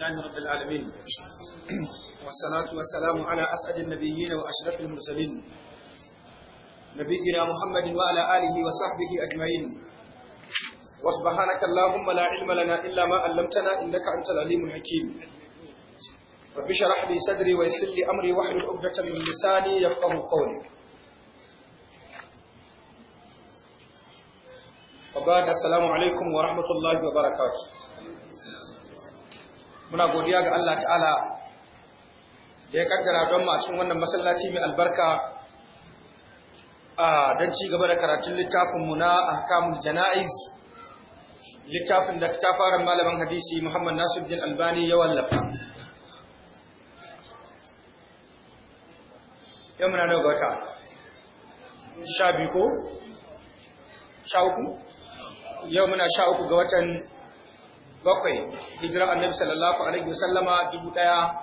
الله رب العالمين والصلاة والسلام على أسعد النبيين وأشرف المرسلين نبينا محمد وعلى آله وصحبه أجمعين وسبحانك اللهم لا علم لنا إلا ما علمتنا إنك أنت العليم الحكيم رب اشرح لي صدري ويسر لي أمري واحلل عقدة من لساني يفقه قولي وبعد السلام عليكم ورحمة الله وبركاته muna godiya ga Allah ta'ala da ya kaddara don mu a cikin wannan masallaci mai albarka a don ci gaba da karatun littafin mu na ahkamul jana'iz littafin da ta fara malaman hadisi Muhammad Nasiruddin Albani ya wallafa yau muna ga wata sha biyu ko sha uku yau muna sha uku ga watan bakwai hijirar annabi sallallahu alaihi wasallama dubu ɗaya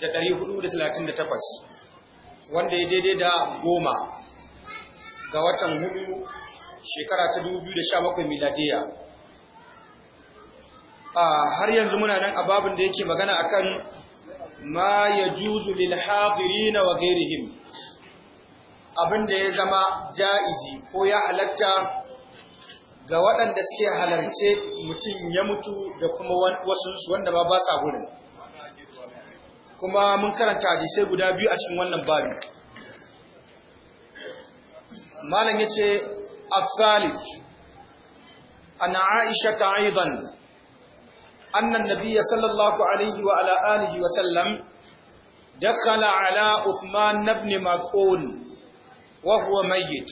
da ɗari hudu da talatin da takwas wanda ya daidai da goma ga watan hudu shekara ta dubu biyu da sha bakwai miladiya a har yanzu muna nan a babin da yake magana akan ma ya juzu lil hadirina wa gairihim abin da ya zama ja'izi ko ya halatta ga waɗanda suke halarce mutum ya mutu da kuma wasunsu wanda ba ba sa gurin kuma mun karanta hadisai guda biyu a cikin wannan babu malam yace al-thalith ana aisha aidan anna an-nabiy sallallahu alaihi wa ala alihi wa sallam dakhala ala uthman ibn maqul wa huwa mayyit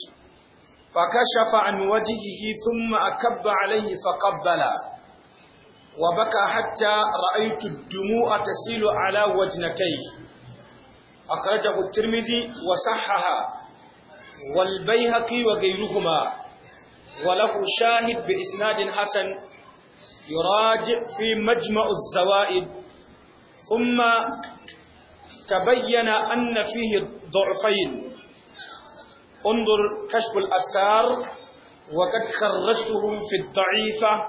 فكشف عن وجهه ثم أكب عليه فقبله وبكى حتى رأيت الدموع تسيل على وجنتيه أخرجه الترمذي وصحها والبيهقي وغيرهما وله شاهد بإسناد حسن يراجع في مجمع الزوائد ثم تبين أن فيه ضعفين انظر كشف الأستار وقد خرجتهم في الضعيفة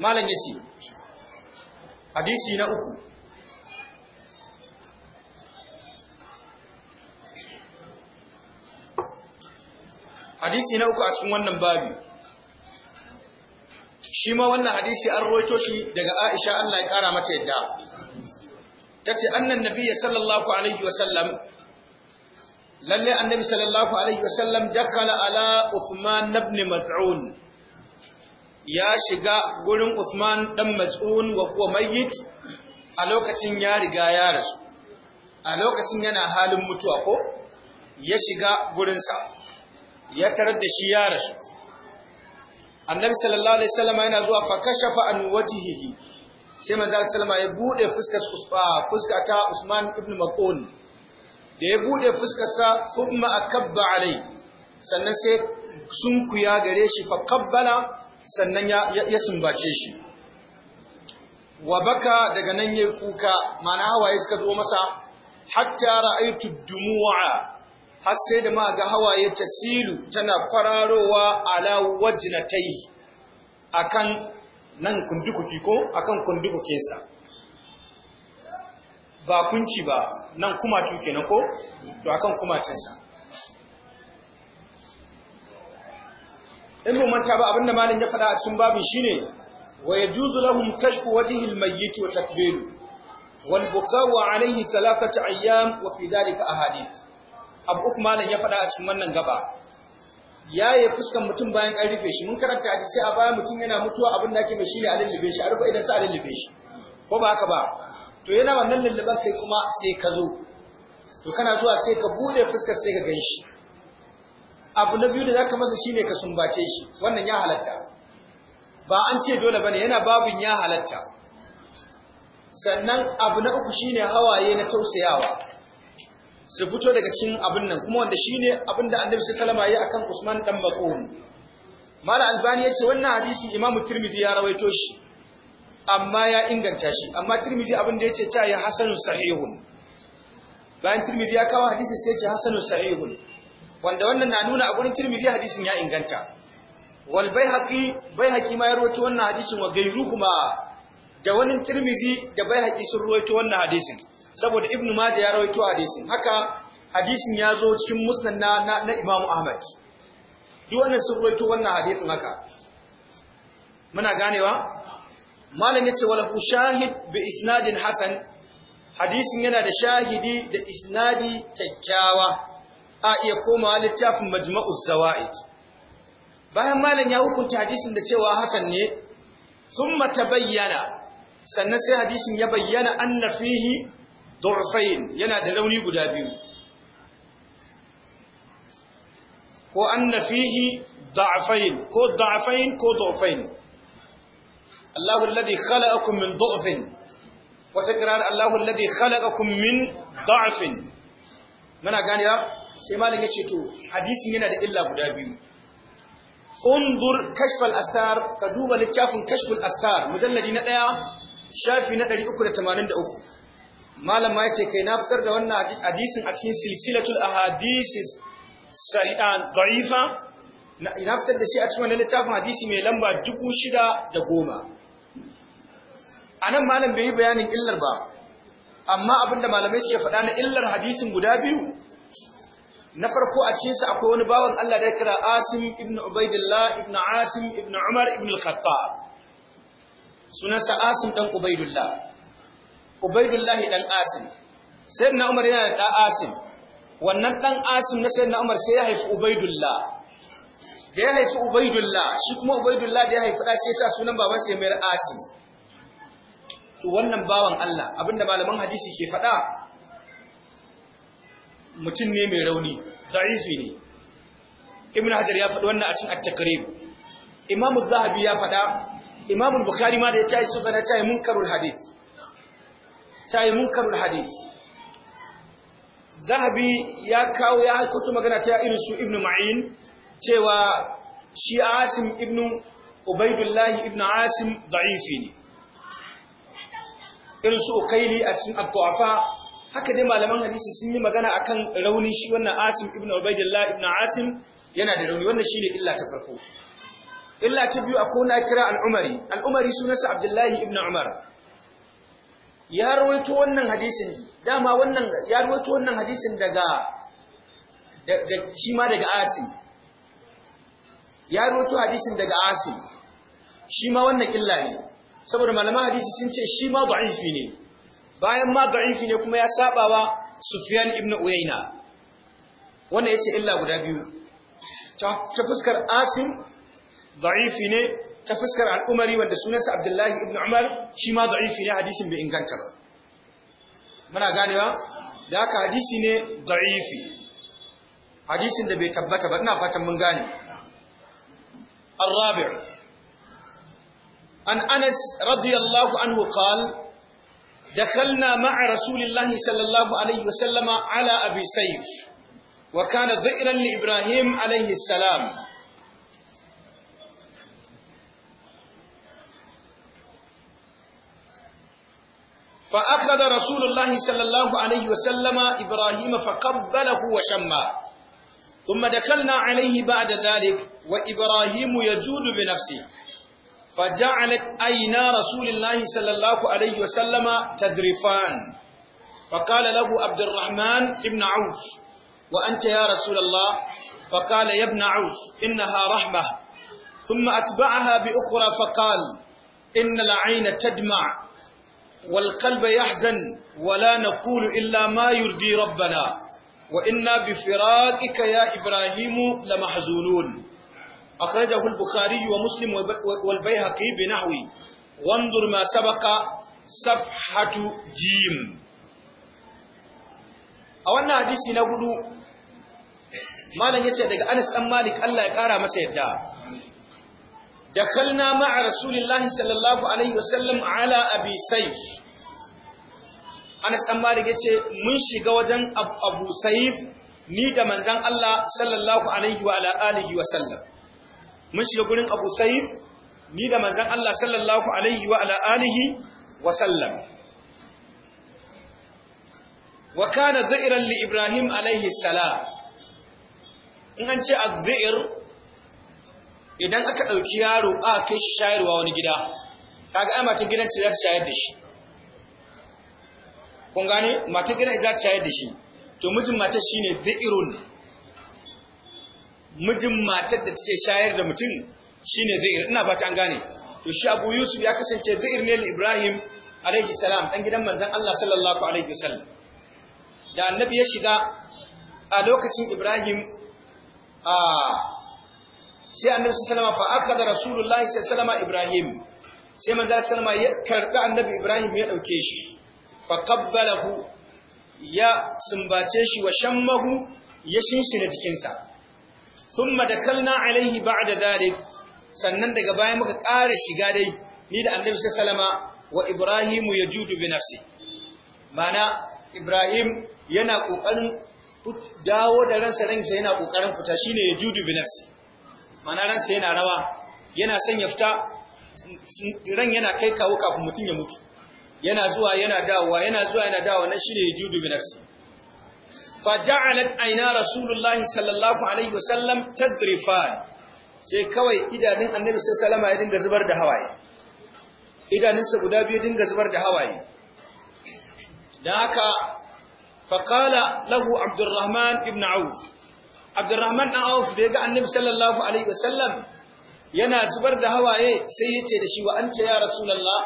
ما لن يسي حديثي نأكو hadisi na uku a cikin wannan babi shi ma wannan hadisi an roito shi daga Aisha Allah ya kara mata yadda tace annan nabiyyi sallallahu alaihi wa sallam. lalle annabi sallallahu alaihi wasallam dakhala ala Uthman ibn Maz'un ya shiga gurin Uthman dan Maz'un wa kuwa mayyit a lokacin ya riga ya rasu a lokacin yana halin mutuwa ko ya shiga gurinsa ya tarar da shi ya rasu annabi sallallahu alaihi wasallam yana zuwa fa kashafa an wajhihi sai manzo sallallahu alaihi wasallam ya bude fuskar ah, fuska ta Usman ibn Maz'un da ya buɗe fuskarsa thumma akabba alai sannan sai sun kuya gare shi fa kabbala sannan ya sumbace shi wa baka daga nan ya kuka mana hawaye suka zo masa hatta ra'aitu dumu'a har sai da ma ga hawaye tasilu tana kwararowa ala wajnatai akan nan kundukuki ko akan kundukukinsa ba kunci ba nan kumatu na ko to akan kumatinsa in mun ba abinda malam ya faɗa a cikin babin shine wa yajuzu lahum kashfu wajhi al-mayyit wa takbiru wal buka'u alayhi ayyam wa fi dhalika ahadith abu uku malam ya faɗa a cikin wannan gaba Ya yi fuskan mutum bayan an rufe shi mun karanta a sai a baya mutum yana mutuwa abin da ake mai shine a lullube shi a rufe idan sa a lullube shi ko ba haka ba to yana wannan lullubar kai kuma sai ka zo to kana zuwa sai ka bude fuskar sai ka ganshi abu na biyu da zaka masa shine ka sumbace shi wannan ya halatta ba an ce dole bane yana babun ya halatta sannan abu na uku shine hawaye na tausayawa su fito daga cikin abin nan kuma wanda shine abin da Annabi sallallahu alaihi wasallam ya akan Usman dan Mas'ud Mala Albani yace wannan hadisi Imam Tirmidhi ya rawaito shi amma ya inganta shi amma tirmizi abin da yace ta ya hasanun sahihun bayan tirmizi ya kawo hadisi sai ce hasanun sahihun wanda wannan na nuna a gurin tirmizi hadisin ya inganta wal baihaqi baihaqi ma ya rawaito wannan hadisin wa kuma da wannan tirmizi da baihaqi sun rawaito wannan hadisin saboda ibnu majah ya rawaito hadisin haka hadisin ya zo cikin musnad na na imamu ahmad duk wannan sun rawaito wannan hadisin haka muna ganewa malam yace wala ku shahid bi isnadin hasan hadisin yana da shahidi da isnadi kyakkyawa a iya komawa littafin majma'u zawaid bayan malam ya hukunta hadisin da cewa hasan ne thumma tabayyana sannan sai hadisin ya bayyana anna fihi durfain yana da launi guda biyu ko anna fihi da'fain ko da'fain ko durfain Allahu alladhi khalaqakum min du'fin wata kirar Allahu alladhi khalaqakum min da'fin muna gane ba sai malam yace to hadisin yana da illa guda biyu Umbur kashf astar ka duba littafin kashf astar mujalladi na ɗaya shafi na 383 malam ma yace kai na fitar da wannan hadisin a cikin silsilatul ahadith sahihan da'ifa na fitar da shi a cikin wannan littafin hadisi mai lamba goma. anan malam bai yi bayanin illar ba amma abinda malamai suke faɗa na illar hadisin guda biyu na farko a cikin sa akwai wani bawan Allah da ya kira Asim ibn Ubaidillah ibn Asim ibn Umar ibn al-Khattab sunansa Asim dan Ubaidullah Ubaidullah dan Asim sayyidina Umar yana da Asim wannan dan Asim na sayyidina Umar sai ya haifi Ubaidullah da ya haifi Ubaidullah shi kuma Ubaidullah da ya haifi da sai ya sa sunan baban sai mai Asim to wannan bawan Allah abinda malaman hadisi ke faɗa mutum ne mai rauni da'ifi ne ibn hajar ya faɗi wannan a cikin at-taqrib imam az-zahabi ya faɗa imam al-bukhari ma da ya tayi sufa na tayi munkarul hadith tayi munkarul hadith zahabi ya kawo ya hakuta magana ta irin su ibn ma'in cewa shi asim ibn ubaidullah ibn asim da'ifi ne irin su ukaili a cikin abdu'afa haka dai malaman hadisi sun yi magana akan raunin shi wannan asim ibn ubaidillah ibn asim yana da rauni wannan shine illa ta farko illa ta biyu akwai na kira al-umari al-umari sunansa abdullahi ibn umar ya rawaito wannan hadisin dama wannan ya rawaito wannan hadisin daga da shi ma daga asim ya rawaito hadisin daga asim shi ma wannan illa ne saboda malaman hadisi sun ce shi ma da'ifi ne bayan ma da'ifi ne kuma ya saba wa Sufyan ibn Uyayna wannan yace illa guda biyu ta fuskar Asim da'ifi ne ta fuskar al'umari wanda sunansa Abdullahi ibn Umar shi ma da'ifi ne hadisin bai inganta ba muna ganewa da haka hadisi ne da'ifi hadisin da bai tabbata ba ina fatan mun gane الرابع عن أنس رضي الله عنه قال دخلنا مع رسول الله صلى الله عليه وسلم على أبي سيف وكان ذئرا لإبراهيم عليه السلام فأخذ رسول الله صلى الله عليه وسلم إبراهيم فقبله وشماه ثم دخلنا عليه بعد ذلك وإبراهيم يجود بنفسه فجعلت عينا رسول الله صلى الله عليه وسلم تذرفان فقال له عبد الرحمن ابن عوف وأنت يا رسول الله فقال يا ابن عوف إنها رحمة ثم أتبعها بأخرى فقال إن العين تدمع والقلب يحزن ولا نقول إلا ما يرضي ربنا وإنا بفراقك يا إبراهيم لمحزونون أخرجه البخاري ومسلم والبيهقي بنحوه وانظر ما سبق صفحة جيم a wannan hadisi na gudu malam yace daga Anas dan Malik Allah ya kara masa yadda dakhalna ma'a rasulillahi sallallahu alaihi wasallam ala abi Anas Malik yace mun shiga wajen Abu Sayf ni da manzan Allah sallallahu alaihi wa ala alihi mun shiga gurin Abu Sa'id ni da manzon Allah sallallahu alaihi wa ala alihi wa sallam wa kana dhairan li Ibrahim alaihi salam in an ce az idan aka dauki yaro a kai shi shayarwa wani gida kaga ai matan gidan ce za ta shayar da shi kun gane matan gidan za ta shayar da shi to mijin mace shine dhairun mijin matar da take shayar da mutum shine zair ina fata an gane to shi Abu Yusuf ya kasance zair ne Ibrahim alaihi salam dan gidan manzon Allah sallallahu alaihi wasallam da annabi ya shiga a lokacin Ibrahim a sai annabi sallallahu alaihi wasallam fa akhadha rasulullahi sallallahu alaihi Ibrahim sai manzon sallallahu alaihi wasallam ya karbi annabi Ibrahim ya dauke shi fa qabbalahu ya sumbace shi wa shammahu ya shinshina jikinsa thumma dakalna alaihi da dare sannan daga baya muka ƙara shiga dai ni da annabi sallama wa ibrahimu ya judu bi nafsi mana ibrahim yana ƙoƙarin dawo da ransa ransa yana ƙoƙarin fita shine judu bi nafsi mana ransa yana rawa yana son ya fita ran yana kai kawo kafin mutum ya mutu yana zuwa yana dawowa yana zuwa yana dawowa na shine judu bi nafsi faja'alat aina rasulullahi sallallahu alaihi wasallam tadrifan sai kawai idanun annabi sallallahu salama ya dinga zubar da hawaye idanunsa guda biyu dinga zubar da hawaye da haka faqala lahu abdurrahman ibn auf abdurrahman ibn auf da ya ga annabi sallallahu alaihi wasallam yana zubar da hawaye sai ya ce da shi wa anta ya rasulullah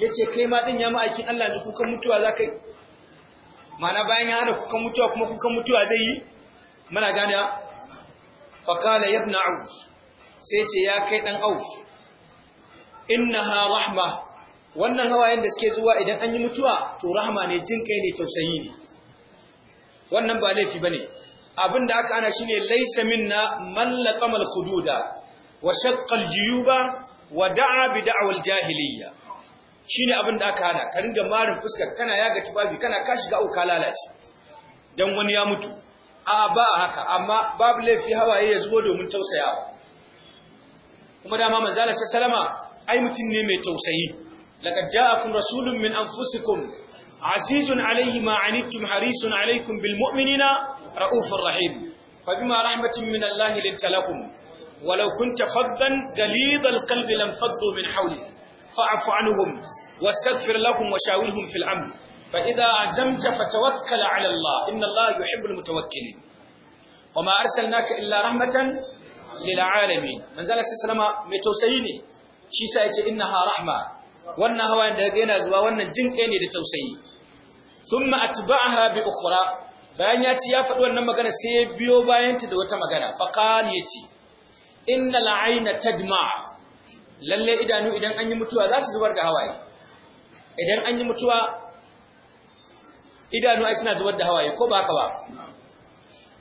yace kai ma din ya ma'aikin Allah ji kukan mutuwa za ka yi. mana bayan ya hana kukan mutuwa kuma kukan mutuwa zai yi muna gane faƙala ya na auf sai ce ya kai ɗan auf inna ha rahma wannan hawayen da suke zuwa idan an yi mutuwa to rahma ne jin kai ne tausayi ne wannan ba laifi ba ne abin da aka ana shi ne laisa minna mallaka kududa. wa shakkal ba wa da'a bi da'awar jahiliya shine abin da aka hana ka ringa marin fuskar kana yaga tufafi kana ka shiga uka lalace dan wani ya mutu a ba haka amma babu laifi hawaye ya zubo domin tausayawa kuma dama manzala sallama ai mutum ne mai tausayi laqad ja'akum rasulun min anfusikum azizun alayhi ma anittum harisun alaykum bil mu'minina raufur rahim fabima rahmatin min allahi linta lakum walau kunta faddan ghalidhal qalbi lam faddu min hawlik fa'fu anhum wastaghfir lahum wa shawirhum fil amr fa idha azamta fatawakkal ala Allah inna Allah yuhibbul mutawakkilin wa ma arsalnaka illa rahmatan lil alamin manzala sallama mai tausayi ne shi sa yace innaha rahma wannan hawayen da ga yana zuwa wannan jinkai ne da tausayi thumma atba'aha bi ukhra bayan ya ci ya faɗi wannan magana sai ya biyo bayanta da wata magana faƙal ya ce inna la'aina lalle idanu idan an yi mutuwa za su zubar da hawaye idan an yi mutuwa idanu ai suna zubar da hawaye ko ba haka ba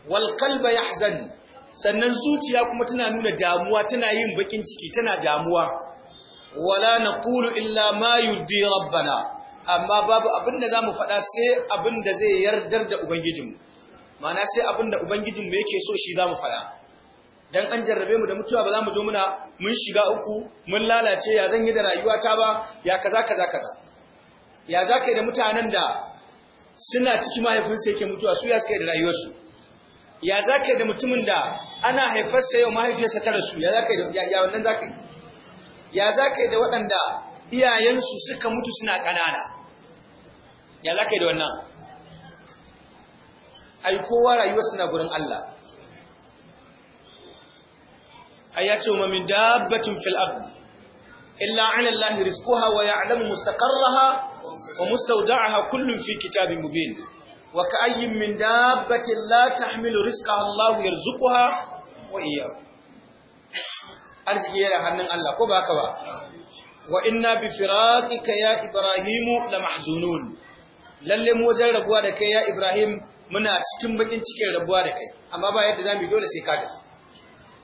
wal qalba yahzan sannan zuciya kuma tana nuna damuwa tana yin bakin ciki tana damuwa wala naqulu illa ma yurdi rabbana amma babu abin da zamu faɗa sai abin da zai yardar da ubangijinmu ma'ana sai abin abinda ubangijinmu yake so shi zamu faɗa dan an jarrabe mu da mutuwa ba za mu zo muna mun shiga uku mun lalace ya zan yi da rayuwata ba ya kaza kaza kaza ya za ka da mutanen da suna cikin mahaifinsa yake mutuwa su ya suka yi da rayuwarsu ya za ka yi da mutumin da ana haifarsa yau mahaifiyarsa ta rasu ya za ka yi da ya wannan za ka yi ya za ka yi da waɗanda iyayensu suka mutu suna ƙanana ya za ka yi da wannan ai kowa rayuwarsa na gurin Allah ai ya ce wa min dabbatin fil ard illa ala allahi rizquha wa ya'lamu mustaqarraha wa mustawda'aha kullun fi kitabin mubin wa ka'ayyin min dabbatin la tahmilu rizqaha allahu yarzuquha wa iyyakum arziki yana hannun Allah ko ba haka ba wa inna bi firaqika ya ibrahimu la mahzunun lalle mu wajen rabuwa da kai ya ibrahim muna cikin bakin cikin rabuwa da kai amma ba yadda zamu dole sai ka tafi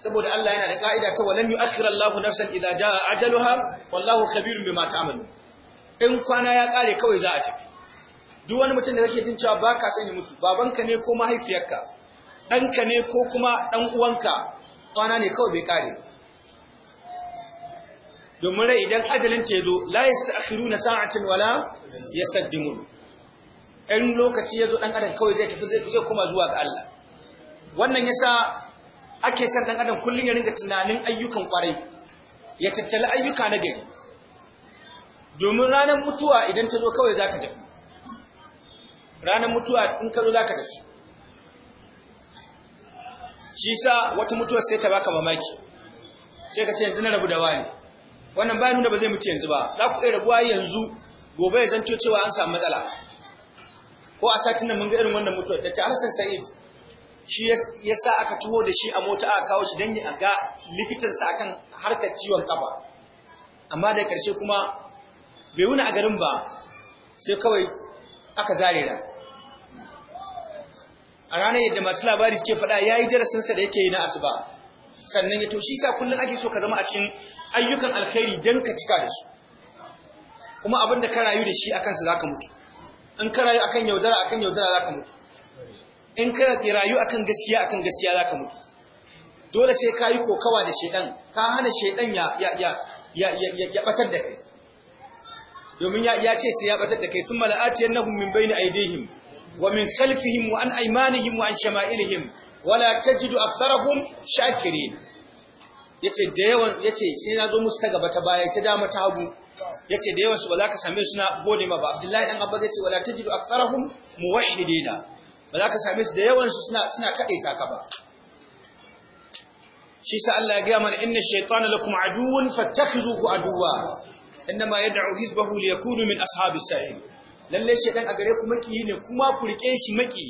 saboda Allah yana da ka'ida ta walam yu'akhkhir Allahu nafsan idza jaa ajaluha wallahu khabirun bima ta'malun in kwana ya kare kawai za a tafi duk wani mutum da kake jin cewa baka san ya mutu babanka ne ko mahaifiyarka ɗanka ne ko kuma ɗan uwanka kwana ne kawai bai kare domin rai idan ajalin ta zo la yasta'khiruna sa'atan wala yastaqdimun in lokaci ya zo ɗan adam kawai zai tafi zai koma zuwa ga Allah wannan yasa ake san dan adam kullun ya ringa tunanin ayyukan kwarai ya tattala ayyuka na gari domin ranar mutuwa idan ta zo kawai zaka tafi ranar mutuwa in ka zo zaka tafi shi sa wata mutuwa sai ta baka mamaki sai ka ce yanzu na rabu da wani wannan bayan nuna ba zai mutu yanzu ba za ku iya rabuwa yanzu gobe ya zanto cewa an samu matsala ko a satin nan mun ga irin wannan mutuwa da ta Hassan Sa'id shi sa aka tuho da shi a mota aka kawo shi don a ga likitansa akan harkar ciwon kafa amma da karshe kuma bai wuna a garin ba sai kawai aka zare da a ranar yadda masu labari suke faɗa ya yi darasinsa da yake yi na asuba sannan ya toshi sa kullum ake so ka zama a cikin ayyukan alkhairi don ka cika da su kuma abin da ka rayu da shi a kansa za ka mutu in ka rayu akan yaudara akan yaudara za ka mutu in ka rayu akan gaskiya akan gaskiya zaka mutu dole sai ka yi kokawa da shedan ka hana shedan ya ya ya ya ya batar da kai domin ya ya ce sai ya batar da kai summa la'atiyannahum min bayni aydihim wa min khalfihim wa an aymanihim wa an shama'ilihim wala tajidu aktharahum shakirin yace da yawan yace sai na zo musu ta gaba ta baya ta dama ta hagu yace da yawan su ba za ka same su na gode ma ba Abdullahi dan Abba yace wala tajidu aktharahum muwahhidina ba za ka same su da yawansu suna ta ka ba shi sa Allah ya gaya mana inna shaytana lakum aduwwun fattakhizuhu aduwwa innama yad'u hizbahu liyakunu min ashabi sa'ir lalle shaytan a gare ku maki ne kuma ku rike shi maki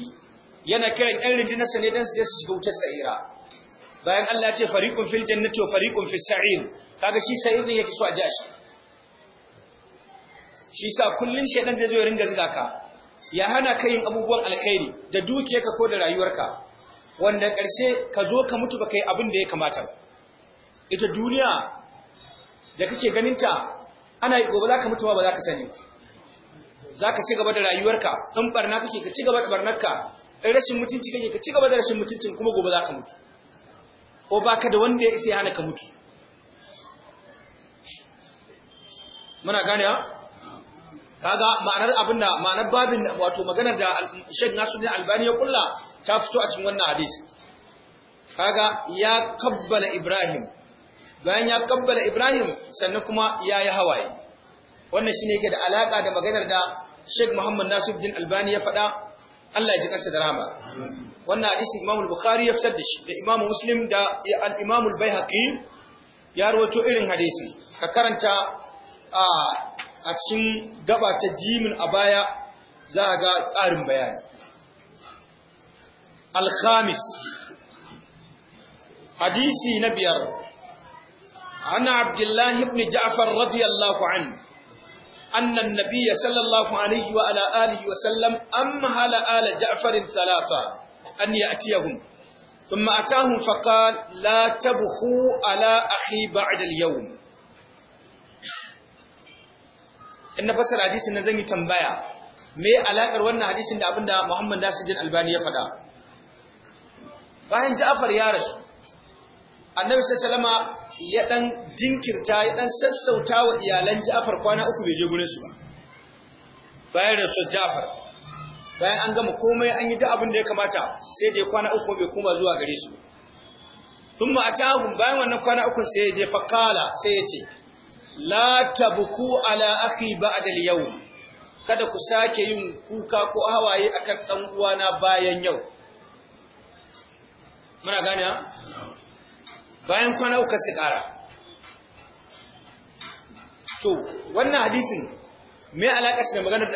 yana kiran ɗan rindina sa ne dan su je su shiga wutar sa'ira bayan Allah ya ce fariqun fil jannati wa fariqun fis sa'ir kaga shi sa'ir ne yake so a ji shi shi sa kullun shaytan zai zo ya ringa zuga ka ya hana ka yin abubuwan alkhairi da dukiyarka ko da rayuwarka wanda ƙarshe ka zo ka mutu baka yi abin da ya kamata ita duniya da kake ganinta ana yi gobe za ka ma ba za ka sani za ka ci gaba da rayuwarka in barna kake ka ci gaba da barnarka in rashin mutunci kake ka ci gaba da rashin mutuncin kuma gobe za ka mutu ko ba ka da wanda ya isa ya hana ka mutu muna gane ha kaga ma'anar abin da ma'anar babin wato maganar da Sheikh Nasiruddin Albani ya kulla ta fito a cikin wannan hadisi kaga ya kabbala Ibrahim bayan ya kabbala Ibrahim sannan kuma ya yi hawaye wannan shine yake da alaka da maganar da Sheikh Muhammad Nasiruddin Albani ya faɗa Allah ya ji kansa da rahama wannan hadisi Imam Bukhari ya fitar da shi da Imam Muslim da Al-Imam Al-Baihaqi ya rawaito irin hadisi ka karanta a ah, a cikin gabata jimin a baya za a ga ƙarin bayani alhamis hadisi na biyar ana abdullahi ibn ja'far radiyallahu an annan nabiya sallallahu alaihi wa ala alihi wa sallam amma hala ala ja'farin salata an ya'tiyahum ثم أتاهم فقال لا تبخوا على أخي بعد اليوم in na fassara hadisin nan zan yi tambaya me alakar wannan hadisin da abinda Muhammad Nasiruddin Albani ya faɗa bayan Ja'far ya rasu Annabi sallallahu ya dan jinkirta ya dan sassauta wa iyalan Ja'far kwana uku bai je gurin su ba bayan rasul Ja'far bayan an gama komai an yi duk abin da ya kamata sai dai kwana uku bai koma zuwa gare su thumma atahum bayan wannan kwana uku sai ya je faqala sai ya ce la tabku ala akhi ba'da al-yawm kada ku sake yin kuka ko hawaye akan dan uwana bayan yau muna gane bayan kwana uku su kara to wannan hadisin me alaka shi da maganar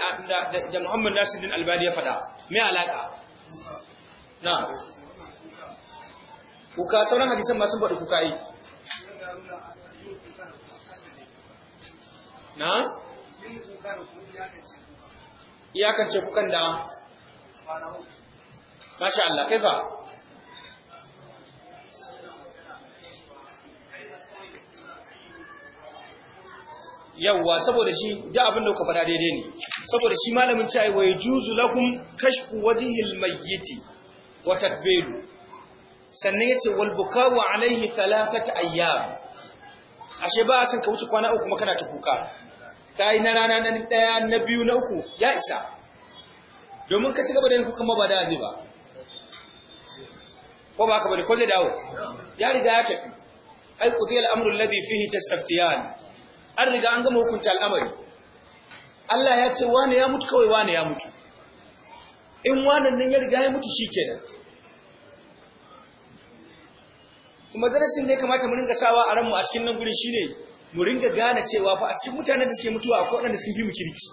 da Muhammad Nasiruddin Albani ya faɗa me alaka na kuka sauran hadisan ma sun faɗi kuka yi na? iyakance kukan da mashi Allah kai fa yawwa saboda shi da abin da kuka daidai ne saboda shi malamin cewa wa juzu lakum kashfu wajhil mayyiti wa tadbiru sannan yace wal bukawu alaihi thalathat ayyam ashe ba san ka wuce kwana uku kuma kana ta kuka kai na rana na daya na biyu na uku ya isa domin ka ci gaba da kuka ba da ba ko ba ka bari ko zai dawo ya riga ya tafi ai qudi al-amru alladhi fihi tasaftiyan an riga an gama hukunta al'amari Allah ya ce wani ya mutu kawai wani ya mutu in wannan nan ya riga ya mutu shikenan kuma darasin da ya kamata mu ringa sawa a ranmu a cikin nan gurin shine mu ringa gane cewa fa a cikin mutanen da suke mutuwa akwai waɗanda sun fi mu kirki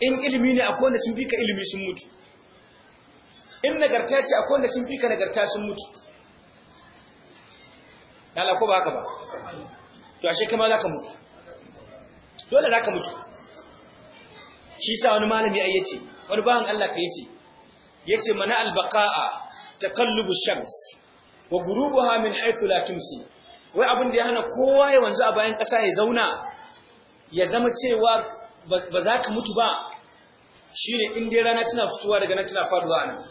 in ilimi ne akwai wanda sun fi ka ilimi sun mutu in nagarta ce akwai wanda sun fi ka nagarta sun mutu Allah ko ba haka ba to ashe kai ma za ka mutu dole za ka mutu shi sa wani malami ai yace wani bawan Allah ka yace yace mana albaqa'a taqallubu shams wa gurubuha min haythu la tumsi wai abin da ya hana kowa ya wanzu a bayan ƙasa ya zauna ya zama cewa ba za ka mutu ba shine in dai rana tana fitowa daga nan tana faduwa nan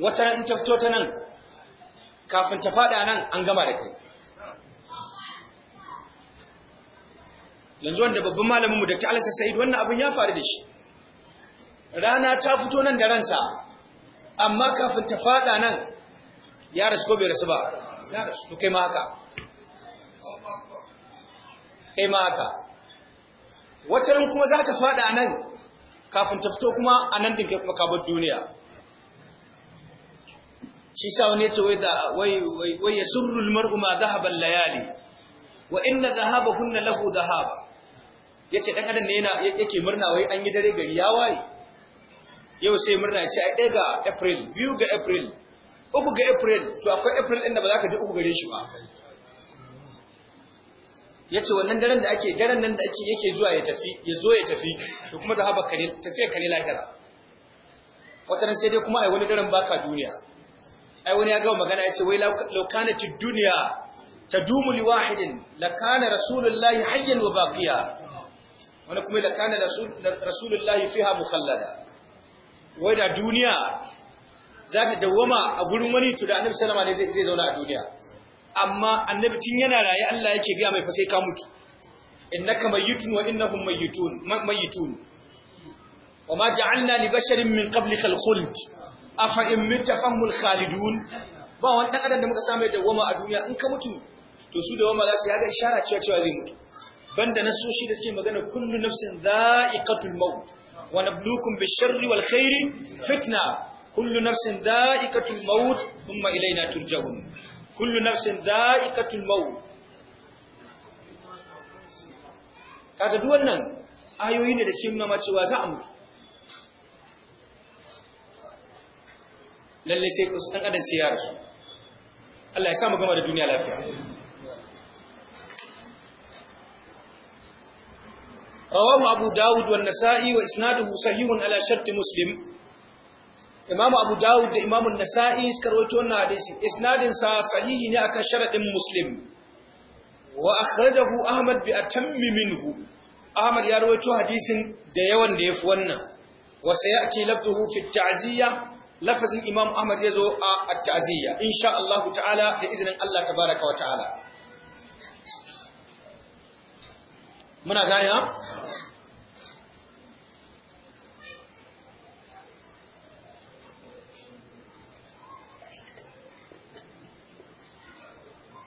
wata in ta fito ta nan kafin ta fada nan an gama da kai yanzu wanda babban malamin mu Dr. Alhassan Said wannan abin ya faru da shi rana ta fito nan da ransa amma kafin ta fada nan ya rasu ko bai rasu ba ya rasu to kai ma haka kai ma haka wata ran kuma za ta fada nan kafin ta fito kuma a nan din kai kuma ka bar duniya shi sa wani ce wai da wai wai wai yasurru mar'u ma dhahaba al-layali wa inna kunna lahu dhahaba yace dan adam ne yana yake murna wai an yi dare gari ya waye yau sai murna ya ce ai ga April biyu ga April uku ga april to akwai april ɗin da ba za ka ji uku gare shi ba ya ce wannan daren da ake daren nan da ake yake zuwa ya tafi ya zo ya tafi da kuma ta haɓa tafiya kare lahira wataran sai dai kuma ai wani daren baka duniya ai wani ya gama magana ya ce wai laukanati duniya ta dumu li wahidin lakana rasulullahi hayyan wa baqiya wani kuma lakana rasulullahi fiha mukhallada wai da duniya za ta dawwama a gurin wani to da annabi sallama ne zai zauna a duniya amma annabi tun yana raye Allah yake biya mai fa sai ka mutu innaka mayyitun wa innahum mayyitun mayyitun wa ma ja'alna li basharin min qablika al-khuld afa in mitta famul khalidun ba wani dan da muka samu dawwama a duniya in ka mutu to su dawwama za su yaga ishara cewa cewa zai mutu banda nasoshi da suke magana kullu nafsin dha'iqatul maut wa nabluukum bish-sharri wal khairi fitna kullu nafsin da'ikatul maut thumma ilaina turja'un kullu nafsin da'ikatul maut kaga duk wannan ayoyi ne da suke nuna cewa za a mutu lalle sai ku san adam sai ya rasu Allah ya sa mu gama da duniya lafiya rawahu abu daud wa nasai wa isnaduhu sahihun ala shart muslim imamu abu dawud da imamu nasa'i suka rawaito wannan hadisi isnadin sa sahihi ne akan sharadin muslim wa akhrajahu ahmad bi atammi minhu ahmad ya rawaito hadisin da yawan da yafi wannan wa sayati lafzuhu fi ta'ziya lafazin imam ahmad yazo a at-ta'ziya insha Allah ta'ala da izinin Allah tabaaraka wa ta'ala muna gane ha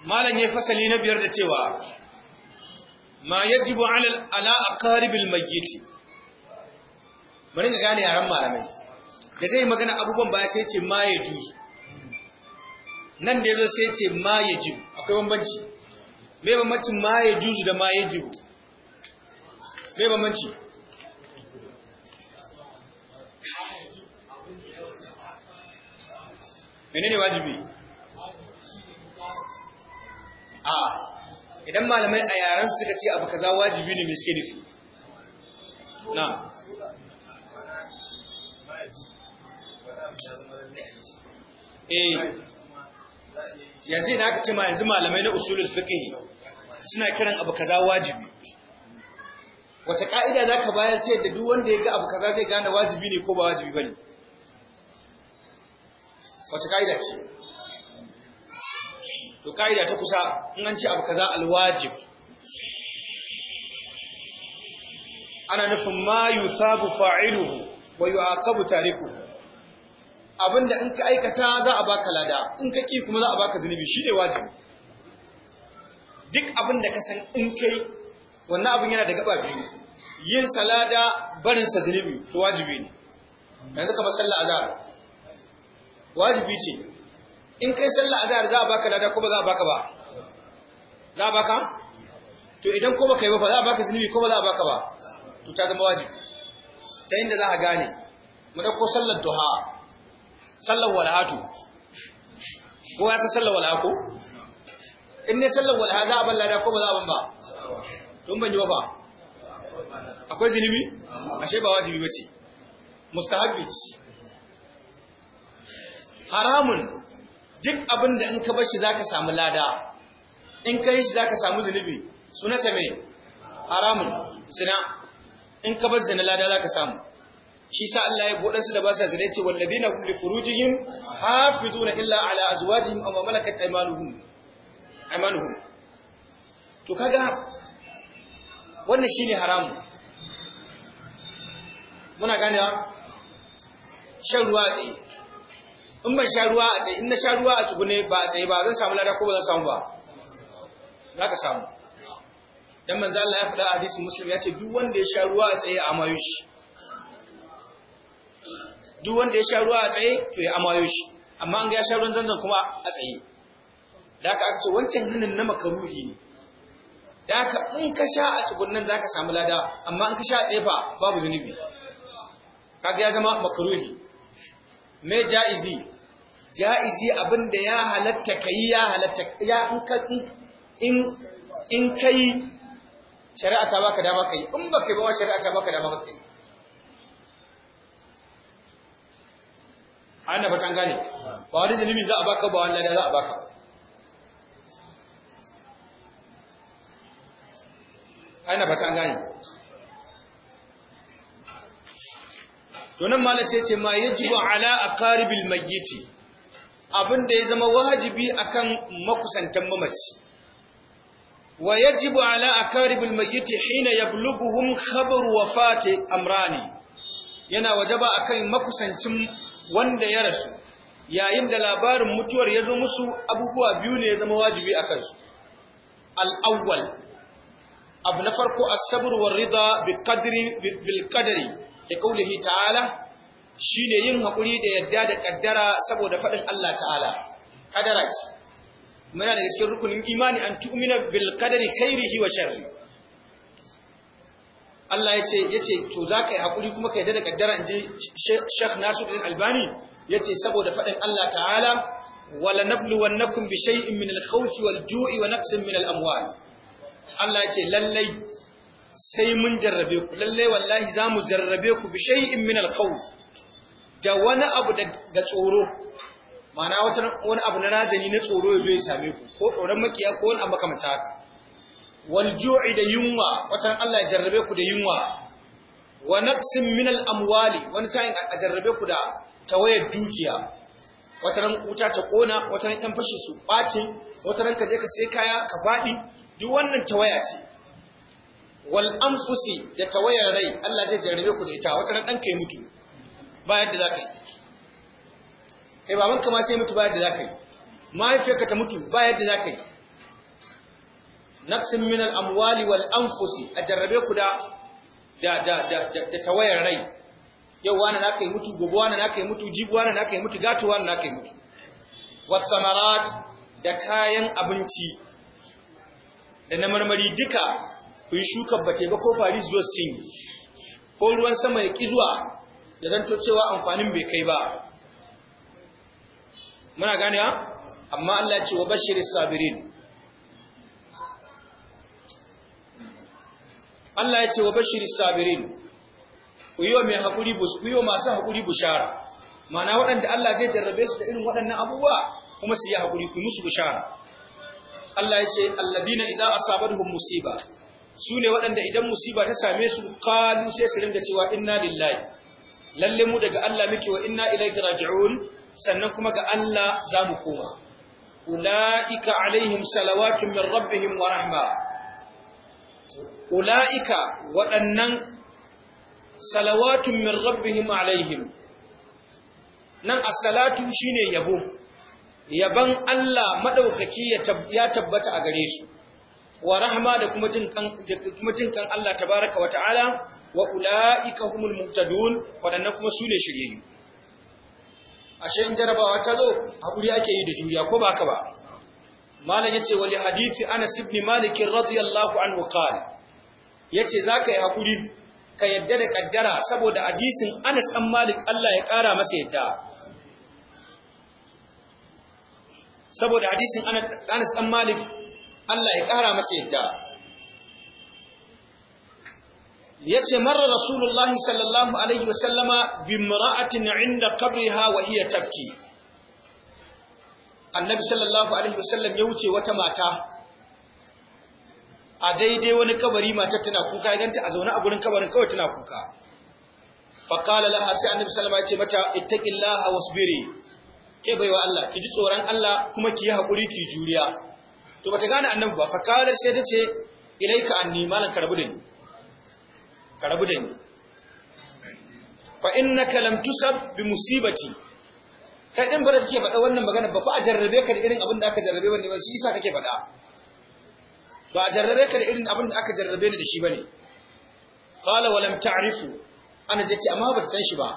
malam ya fasali na biyar da cewa ma yajibu ala ala aqaribil mayyit bari ga gane yaran malamai da zai magana abubuwan ba sai ce ma yajuzu nan da yazo sai ce ma yajibu akwai bambanci me bambanci ma yajuzu da ma yajibu me bambanci menene wajibi a idan malamai a yaran su suka ce abu kaza wajibi ne miske nufi na eh yanzu idan aka ce ma yanzu malamai na usulul fiqh suna kiran abu kaza wajibi wace ka'ida za ka bayar ce da duk wanda ya ga abu kaza zai gane wajibi ne ko ba wajibi ba ne wace ka'ida ce to ka'ida ta kusa in an ce abu kaza alwajib ana nufin ma yusabu fa'iluhu wa yu'aqabu tariku abinda in ka aikata za a baka lada in ka ki kuma za a baka zunubi shine wajibi duk abinda ka san in kai wannan abin yana da gaba biyu yin salada barin sa zunubi to wajibi ne yanzu ba sallah azhar wajibi ce in kai sallah azhar za a baka da ko ba za a baka ba za a baka to idan ko baka yi ba za a baka zunubi ko ba za a baka ba to ta zama wajibi ta yadda za a gane mu dauko sallar duha sallar walhatu ko ya san sallar walhaku in ne sallar walha za a ban da ko ba za a ban ba to ban yi ba akwai zunubi ashe ba wajibi bace mustahabbi haramun duk abin da in ka bar shi za ka samu lada in ka yi shi ka samu zunubi na same haramun zina in ka bar zina lada za ka samu shi sa Allah ya bude su da ba sa zina ce walladina hum li furujihim hafizuna illa ala azwajihim aw ma malakat aymanuhum aymanuhum to kaga wannan shine haramun muna ganewa shan ruwa tsaye in ban sha ruwa a tsaye in na sha ruwa a tsugune ba a tsaye ba zan samu lada ko ba zan samu ba za ka samu dan manzo Allah ya faɗa a hadisin muslim ya ce duk wanda ya sha ruwa a tsaye a amayo shi duk wanda ya sha ruwa a tsaye to ya amayo shi amma an ga ya sha ruwan zanzan kuma a tsaye da haka aka ce wancan hannun na makaruhi ne da haka in ka sha a tsugunan za ka samu lada amma in ka sha a tsaye fa babu zunubi kaga ya zama makaruhi me ja'izi ja'izi abinda ya halatta kai ya halatta ya in ka in in kai shari'a ta baka dama kai in ba yi ba shari'a ta baka dama kai ana ba tan gane ba wani zunubi za a baka ba wani lada za a baka ana ba tan gane to nan malam sai ce ma yajibu ala aqaribil mayyiti abin da ya zama wajibi akan makusantan mamaci wa yajibu ala akaribul mayyiti hina yablughuhum khabaru wafati amrani yana wajaba akan makusancin wanda ya rasu yayin da labarin mutuwar ya zo musu abubuwa biyu ne ya zama wajibi akan su al-awwal abu na farko as-sabr war rida bi qadri bil qadri ya kaulihi ta'ala Shi ne yin hakuri da yadda da ƙaddara saboda faɗin Allah ta'ala kadara ce muna da cikin rukunin imani an tu'mina bil qadari khairihi wa sharri Allah ya ce to za ka yi hakuri kuma ka yadda da ƙaddara kaddara inji Sheikh Nasiruddin Albani ce saboda faɗin Allah ta'ala wala nabluwannakum bi shay'in min al-khawfi wal-ju'i wa naqsin min al-amwal Allah ya ce lallai sai mun jarrabe ku lallai wallahi za mu jarrabe ku bi shay'in min al-khawf da wani abu da tsoro mana wani abu na razani na tsoro ya zo ya same ku ko tsoron makiya ko wani abu kamata. haka wal da yunwa watan Allah ya jarrabe ku da yunwa wa naqsin min al amwali wani sa'in a jarrabe ku da tawayar dukiya wataran kuta ta kona wataran ɗan fashi su ɓaci wataran ka je ka sai kaya ka faɗi duk wannan tawaya ce wal anfusi da tawayar rai Allah zai jarrabe ku da ita wataran ɗan yi mutu ba yadda za ka yi kai babanka ma sai mutu ba yadda za ka yi mahaifiyarka ta mutu ba yadda za ka yi naqsin min al-amwali wal anfusi a jarrabe ku da da da da tawayar rai yau wani na kai mutu gobe wani na kai mutu jibi wani na kai mutu gatu wani na kai mutu was samarat da kayan abinci da na marmari duka ku yi shukar bace ba ko fari zuwa su ko ruwan sama ya ki zuwa ya zanto cewa amfanin bai kai ba muna gane ha amma Allah ce wa bashirin sabirin Allah ya ce wa bashirin sabirin ku yi wa mai haƙuri ku yi wa masu haƙuri bushara mana waɗanda Allah zai jarrabe su da irin waɗannan abubuwa kuma su yi haƙuri ku musu bushara Allah ya ce alladina idan asabarhum musiba su ne waɗanda idan musiba ta same su qalu sai su ringa cewa inna lillahi lalle mu daga Allah muke wa inna ilaihi raji'un sannan kuma ga Allah za mu koma ulaika alaihim salawatun min rabbihim wa rahma ulaika waɗannan salawatun min rabbihim alaihim nan as-salatu shine yabo yaban Allah madaukaki ya tabbata a gare su wa rahma da kuma jin kan Allah tabaaraka wa ta'ala wa ula'ika humul muhtadun waɗannan kuma su ne shiryayyu ashe in jarabawa ta zo haƙuri ake yi da juriya ko ba ka ba malam yace wali hadisi anas ibn malikin radiyallahu anhu qala yace zaka yi haƙuri ka yadda da ƙaddara saboda hadisin anas an malik Allah ya ƙara masa yadda saboda hadisin anas an malik Allah ya ƙara masa yadda yace marra rasulullahi sallallahu alaihi wasallama bimra'atin 'inda qabriha wa iya tafki annabi sallallahu alaihi wasallam ya wuce wata mata a daidai wani kabari mata tana kuka ya ganta a zaune a gurin kabarin kawai tana kuka faqala laha sai annabi sallallahu alaihi wasallam ya ce mata ittaqillaha wasbiri ke baiwa Allah ki ji tsoron Allah kuma ki yi hakuri ki juriya to bata gane annabi ba Fakalar sai ta ce ilaika anni malan karbudin ka rabu da ni fa innaka lam tusab bi musibati kai din bara kike faɗa wannan magana ba fa a jarrabe ka da irin abin da aka jarrabe bane ba shi isa kake faɗa ba a jarrabe ka da irin abin da aka jarrabe ni da shi bane qala wa lam ta'rifu ana ce amma ba ta san shi ba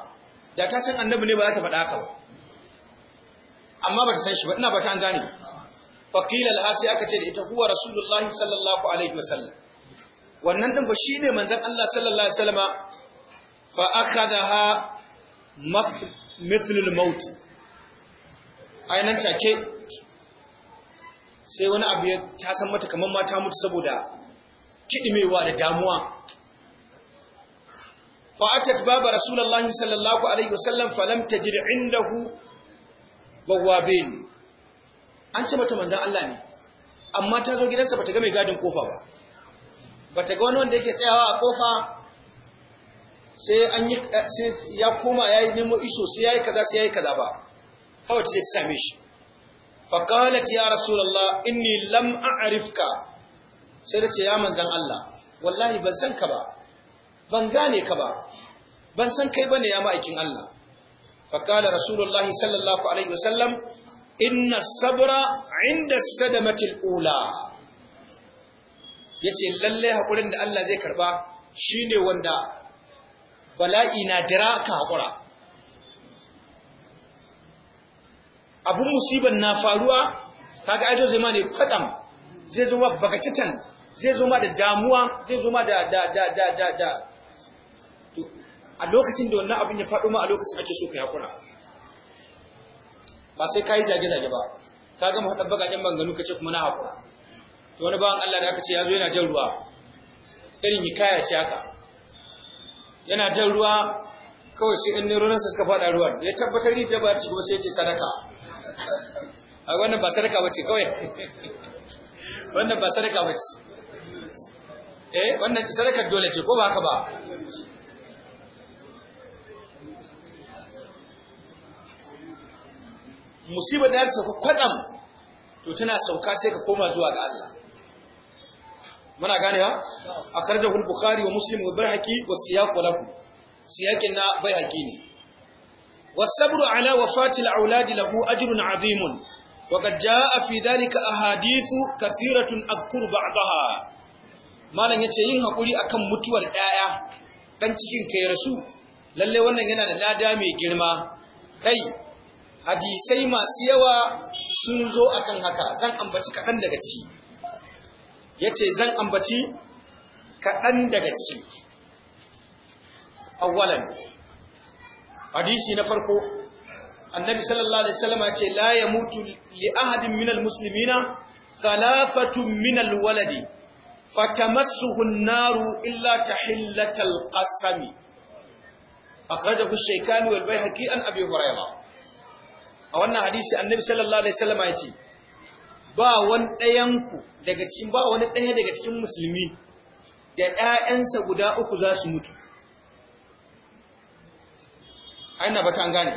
da ta san annabi ne ba za ta faɗa ka ba amma ba ta san shi ba ina ba ta an gane qila al-asi aka ce da ita huwa rasulullahi sallallahu alaihi wasallam wannan din ba shi ne manzan Allah sallallahu alaihi wasallama fa akhadaha mithl al-maut ainan take sai wani abu ya tasan mata kamar mata mutu saboda kidimewa da damuwa fa'atat baba rasulallah sallallahu alaihi wasallam falam tajid indahu bawabin an ce mata manzan Allah ne amma ta zo gidansa bata ta game gadin kofa ba bata ga wani wanda yake tsayawa a kofa sai an yi ya koma ya yi nemo iso sai ya yi kaza sai ya yi kaza ba kawai ta ce ta same shi faqalat ya rasulullah inni lam a'rifka sai da ce ya manzan Allah wallahi ban san ka ba ban gane ka ba ban san kai bane ya ma'aikin Allah faqala rasulullahi sallallahu alaihi wasallam inna sabra inda sadamatil ula yace lalle hakurin da Allah zai karba shine wanda bala'i na dira ka hakura abun musiban na faruwa kaga aijo zai ma ne kwatsam zai zo ma bakacitan zai zo ma da damuwa zai zo ma da da da da da da a lokacin da wannan abin ya faɗo ma a lokacin ake so ka hakura ba sai kai zage zage ba kaga mu hadan bagajen banganu kace kuma na hakura to wani ba Allah da aka ce ya zo yana jan ruwa irin mikaya ce haka yana jan ruwa kawai sai in sa suka faɗa ruwan ya tabbatar ni jaba ci shigo sai ce sadaka a wannan ba sadaka bace kawai wannan ba sadaka bace eh wannan sadakar dole ce ko ba haka ba musibar da ta kwatsam to tana sauka sai ka koma zuwa ga Allah muna ganewa a karjahul bukhari wa muslim wa barhaki wa siyaqu lahu siyaqin na baihaqi ne wasabru ala wafati alawladi lahu ajrun azimun wa qad jaa fi dhalika ahadithu kathiratun adhkuru ba'daha malan yace yin haƙuri akan mutuwar ɗaya, dan cikin kai rasu lallai wannan yana da lada mai girma kai hadisai masu yawa sun zo akan haka zan ambaci kaɗan daga ciki ya ce zan ambaci kaɗan daga ciki awwalan hadisi na farko annabi sallallahu alaihi wasallam ya ce la yamutu li ahadin minal muslimina thalathatun minal waladi fatamassuhu an-naru illa tahillatal qasami akhrajahu ash-shaykhani wal bayhaqi an abi hurairah a wannan hadisi annabi sallallahu alaihi wasallam ya ce ba wani ɗayanku daga cikin ba wani ɗaya daga cikin musulmi da ‘ya'yansa guda uku za su mutu. Aina ba ta gane,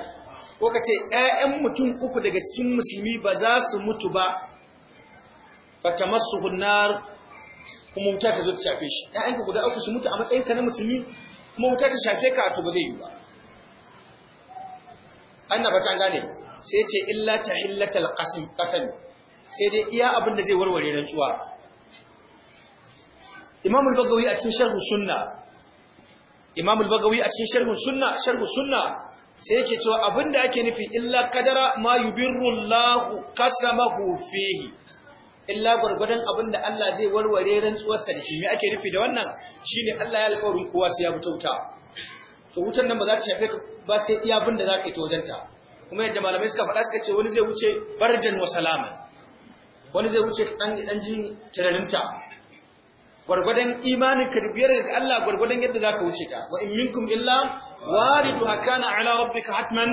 ko ka ce ‘ya'yan mutum uku daga cikin musulmi ba za su mutu ba, ba ta masu hunar kuma wuta ta zo ta shafe shi, ‘ya'yanka guda uku su mutu a matsayinka na musulmi kuma wuta ta shafe ka to ba zai yi ba. Aina ba ta gane, sai ce illa ta hillatal ƙasami. sai dai iya abin da zai warware rantsuwa Imam al-Bagawi a cikin sharh sunna Imam al-Bagawi a cikin sharh sunna sharh sunna sai yake cewa abinda ake nufi illa qadara ma yubirru Allahu qasamahu fihi illa gurgudan abinda Allah zai warware rantsuwar sa shi me ake nufi da wannan shine Allah ya alƙawarin kowa sai ya wuta. to wutar nan ba za ta shafe ka ba sai iya abinda za ka yi ta wajenta kuma yadda malamai suka faɗa suka ce wani zai wuce barjan wa salaman wani zai wuce dan dan ji tunaninta gwargwadon imanin ka biyar ga Allah gwargwadon yadda zaka wuce ta wa in minkum illa wariduha kana ala rabbika hatman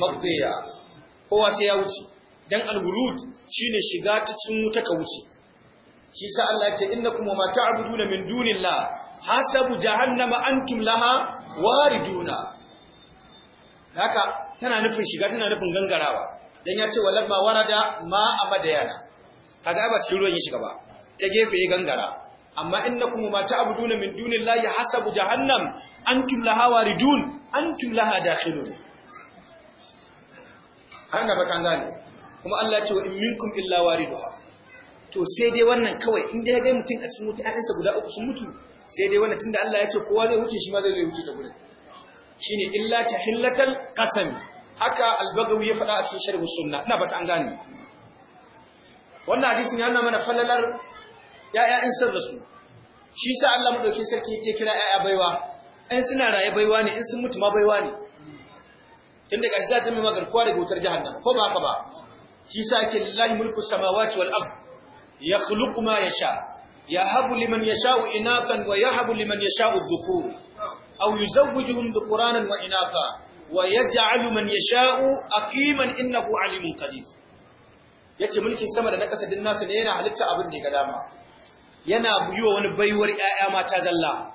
maqdiya kowa sai ya wuce dan al-wurud shine shiga ta cikin wuta ka wuce shi sa Allah ya ce innakum ma ta'buduna min dunillah hasabu jahannama antum laha wariduna haka tana nufin shiga tana nufin gangarawa dan ya ce walamma warada ma amadayana kaga ba cikin ruwan ya shiga ba ta gefe ya gangara amma innakum ma ta'buduna min dunillahi hasabu jahannam antum laha waridun antum laha dakhilun ana fatan gane kuma Allah ya ce wa in minkum illa wariduha to sai dai wannan kawai in dai ga mutum a cikin wuta ayansa guda uku sun mutu sai dai wannan tunda Allah ya ce kowa zai wuce shi ma zai wuce da gurin shine illa tahillatal qasam haka albagawi ya faɗa a cikin sharh sunna ina fata an gane wannan hadisin ya nuna mana fallalar ya'ya in sun rasu shi sa Allah mu madaukin sarki ya kira ya'ya baiwa in suna raye baiwa ne in sun mutu ma baiwa ne tun daga shi za su mimma garkuwa da wutar jahannam ko ba haka ba shi sa ce lillahi mulku samawati wal ard yakhluqu ma yasha yahabu liman yasha'u inathan wa yahabu liman yasha'u dhukur aw yuzawwijuhum dhukranan wa inatha wa yaj'alu man yasha'u aqiman innahu alimun qadir yace mulkin sama da na ƙasa din nasu ne yana halitta abin da ya ga dama yana wa wani baiwar 'ya'ya mata zalla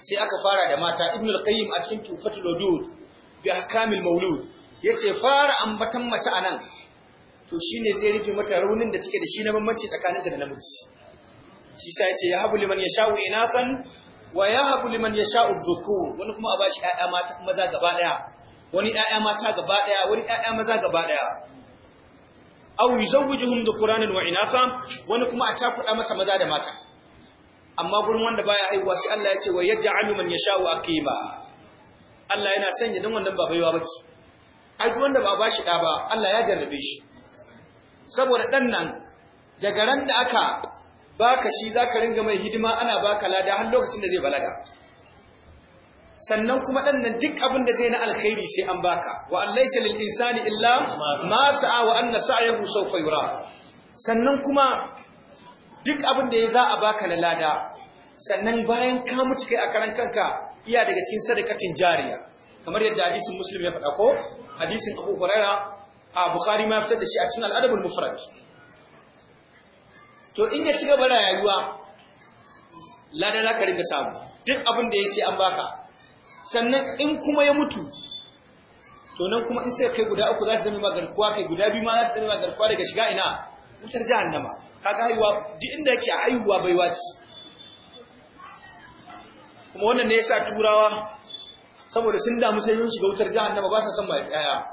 sai aka fara da mata ibn al-qayyim a cikin tufatul wudud bi ahkamil maulud yace fara ambatan mace anan to shine zai rufe mata raunin da take da shi na bambanci tsakaninta da namiji shi sai yace yahabu liman yasha'u inasan wa yahabu liman yasha'u dhukur wani kuma a bashi 'ya'ya mata kuma za gaba daya wani 'ya'ya mata gaba daya wani 'ya'ya maza gaba daya aw yuzawwijuhum dhukuranan wa inatha wani kuma a cakuɗa masa maza da mata amma gurin wanda baya aiwa sai Allah ya ce wa yaj'alu man yasha'u aqima Allah yana sanya dan wannan ba baiwa bace ai duk wanda ba ba shi da ba Allah ya jarrabe shi saboda dan nan daga ran da aka baka shi zaka ringa mai hidima ana baka lada har lokacin da zai balaga sannan kuma ɗan nan duk abin da zai na alkhairi sai an baka wa allaysa lil insani illa ma sa'a wa anna sa'yahu sawfa yura sannan kuma duk abin da ya za a baka na lada sannan bayan ka mutu kai a karan kanka iya daga cikin sadakatin jariya kamar yadda hadisin muslim ya faɗa ko hadisin abu huraira a bukhari ma fitar da shi a cikin al'adabul mufrad to in ya ci gaba da rayuwa lada za ka ringa samu duk abin da ya sai an baka sannan in kuma ya mutu to nan kuma in sai kai guda uku za su zama garkuwa kai guda biyu ma za su zama garkuwa daga shiga ina wutar jahannama kaga haihuwa duk inda yake haihuwa bai wace kuma wannan ne yasa turawa saboda sun damu sai sun shiga wutar jahannama ba sa son mai yaya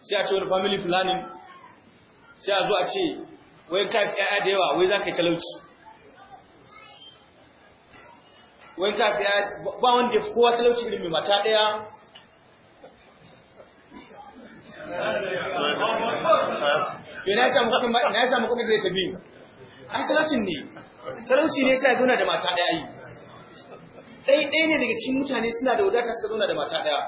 sai a ce wani family planning sai a zo a ce wai ka yaya da yawa wai za ka yi talauci Wani ka saya ba wanda ya kowa talauci irin mata ɗaya yo na samu kuɗin na samu kuɗin da ta biyu ai talaucin ne talauci ne sai zauna da mata ɗaya yi ɗai ɗai ne daga cikin mutane suna da wadata suka zauna da mata ɗaya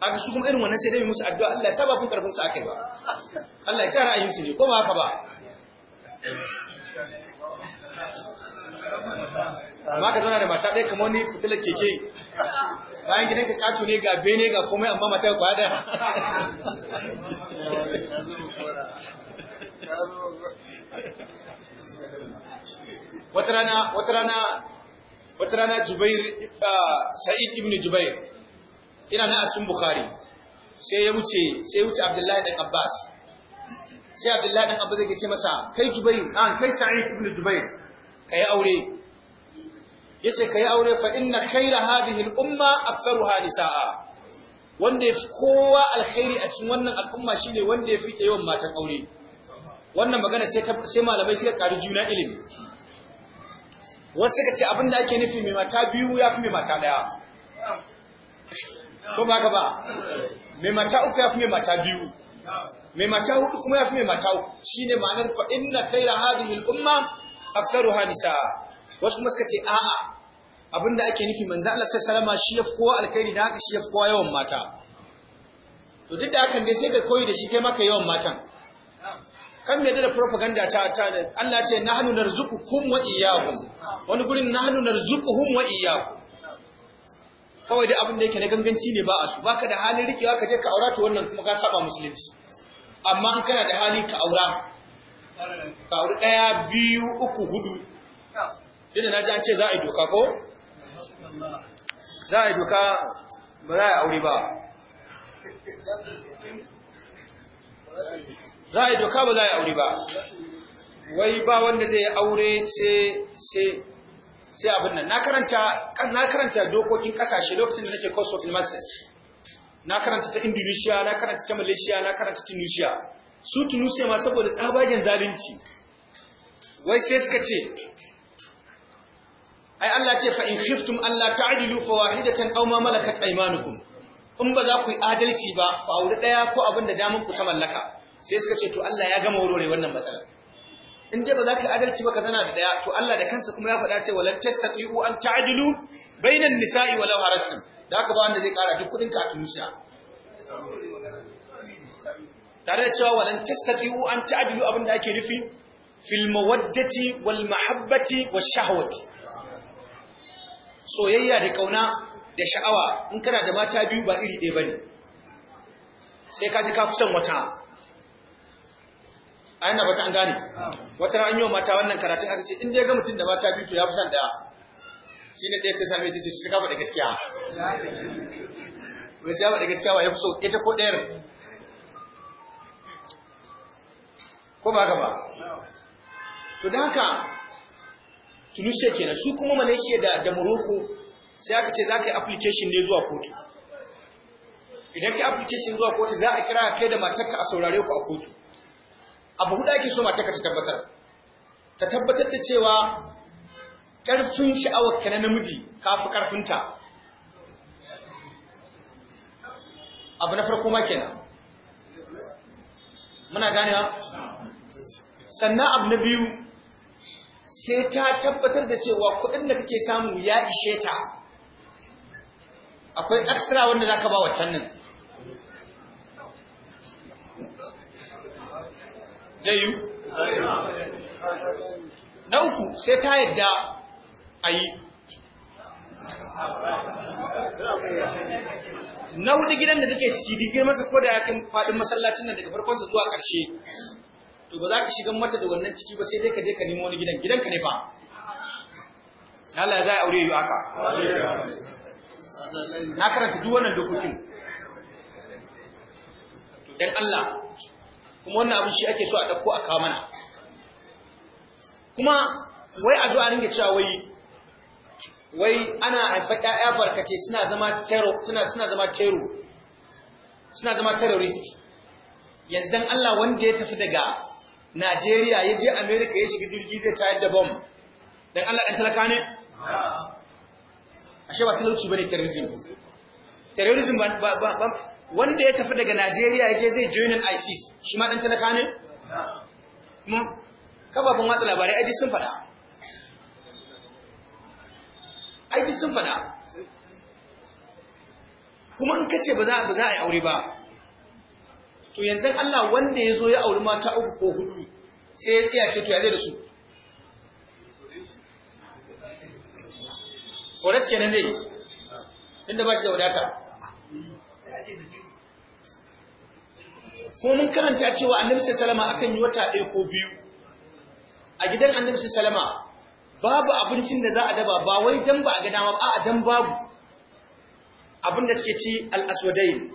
aka su kuma irin wannan sai dai musu addu'a Allah ya saba kun karfin su akai ba Allah ya sa ra'ayin su ne ko ba haka ba amma ka zauna da mata ɗaya kamar ni fitilar keke bayan gidan ka kato ne ga bene ga komai amma mata ka kwada wata rana wata rana wata rana Jubair Sa'id ibn Jubair ina na asun Bukhari sai ya wuce sai ya wuce Abdullahi dan Abbas sai Abdullahi dan Abbas ya ce masa kai Jubair an kai Sa'id ibn Jubair kai aure yace kai aure fa inna khayra hadhihi al-umma aktharuha nisaa wanda yafi kowa alkhairi a cikin wannan al'umma shine wanda yafi ta yawan matan aure wannan magana sai sai malamai suka karu juna ilimi wasu suka ce abinda ake nufi mai mata biyu yafi mai mata daya ko ba ka ba mai mata uku yafi mai mata biyu mai mata hudu kuma yafi mai mata uku shine ma'anar fa inna khayra hadhihi al-umma aktharuha nisaa wasu kuma suka ce a'a abinda ake nufi manzo Allah sallallahu alaihi shi ya fi kowa alkhairi da haka shi ya fi kowa yawan mata to duk da hakan dai sai ka koyi da shi kai maka yawan matan kan me da propaganda ta ta Allah ce nahnu narzuqukum wa iyyakum wani gurin nahnu narzuquhum wa iyyakum kawai da abin da yake na ganganci ne ba a su baka da halin rikewa ka je ka aura to wannan kuma ka saba musulunci amma in kana da hali ka aura ka aura daya biyu uku hudu dinda ji an ce za a yi doka ko za a yi doka ba za a yi aure ba za a yi doka ba za a yi aure ba wai ba wanda zai yi aure sai abin nan na karanta dokokin kasashe lokacin da nake cost of masters na karanta ta indonesia na karanta ta malaysia na karanta tunisia su tunisia ma saboda tsabagen zalunci wai sai suka ce ai Allah ce fa in khiftum Allah ta'dilu fawahidatan aw ma malakat aymanukum in ba za ku yi adalci ba ba wuri daya ko abin da damun ku ta mallaka sai suka ce to Allah ya gama warware wannan matsala in dai ba za ka adalci ba ka zana da daya to Allah da kansa kuma ya faɗa ce walan tastati'u an ta'dilu bainan nisa'i walau harastum da haka ba wanda zai kara duk kudin ka a tunisha tare da cewa walan tastati'u an ta'dilu abin da ake nufi fil mawaddati wal mahabbati wash shahwati soyayya da kauna da sha'awa in kana da mata biyu ba iri ɗaya bane sai ka ji ka fi son wata A yana bata an gane wata ran yau mata wannan karatun aka ce in ya ga mutum da mata biyu to ya fi son shi ne ɗaya ta same ta ce ta kafa da gaskiya wai ta da gaskiya wa ya fi so ita ko ɗayar ko ba ka ba to da haka tunisia kenan su kuma malaysia da da morocco sai aka ce za ka yi application ne zuwa kotu idan ka yi application zuwa kotu za a kira kai da matarka a saurare ku a kotu abu huda ake so matarka ta tabbatar ta tabbatar da cewa ƙarfin sha'awar ka na namiji kafi ƙarfinta abu na farko ma kenan muna ganewa sannan abu na biyu sai ta tabbatar da cewa kuɗin da kake samu ya ishe ta akwai extra wanda za ka ba waccan nan jayu na uku sai ta yadda a yi na hudu gidan da take ciki digir masa ko da ya kan faɗin masallacin nan daga farkonsa zuwa ƙarshe to ba za ka shiga mata da wannan ciki ba sai dai ka je ka nemo wani gidan gidan ka ne fa Allah ya aure yi aka na karanta duk wannan dokokin to dan Allah kuma wannan abin shi ake so a dauko a kawo mana kuma wai a zo a ringa cewa wai wai ana haifar ƴaƴa barkace suna zama terror suna suna zama terror suna zama terrorist yanzu dan Allah wanda ya tafi daga Najeriya ya je Amerika ya shiga jirgi zai tayar da bom dan Allah dan talaka ne ashe ba talauci bane terrorism terrorism ba ba wanda ya tafi daga Najeriya ya je zai an ISIS shi ma dan talaka ne kuma kababan watsa labarai aji sun fada aji sun fada kuma in kace ba za a yi aure ba to yanzu Allah wanda ya zo ya auri mata uku ko hudu sai ya tsaya ce to ya zai da su Horas kenan zai inda ba shi da wadata. Ko mun karanta cewa annabi Salama akan yi wata ɗaya ko biyu. A gidan annabi Salama babu abincin da za a daba ba wai dan ba a ga dama ba a dan babu. Abin da suke ci al-aswadain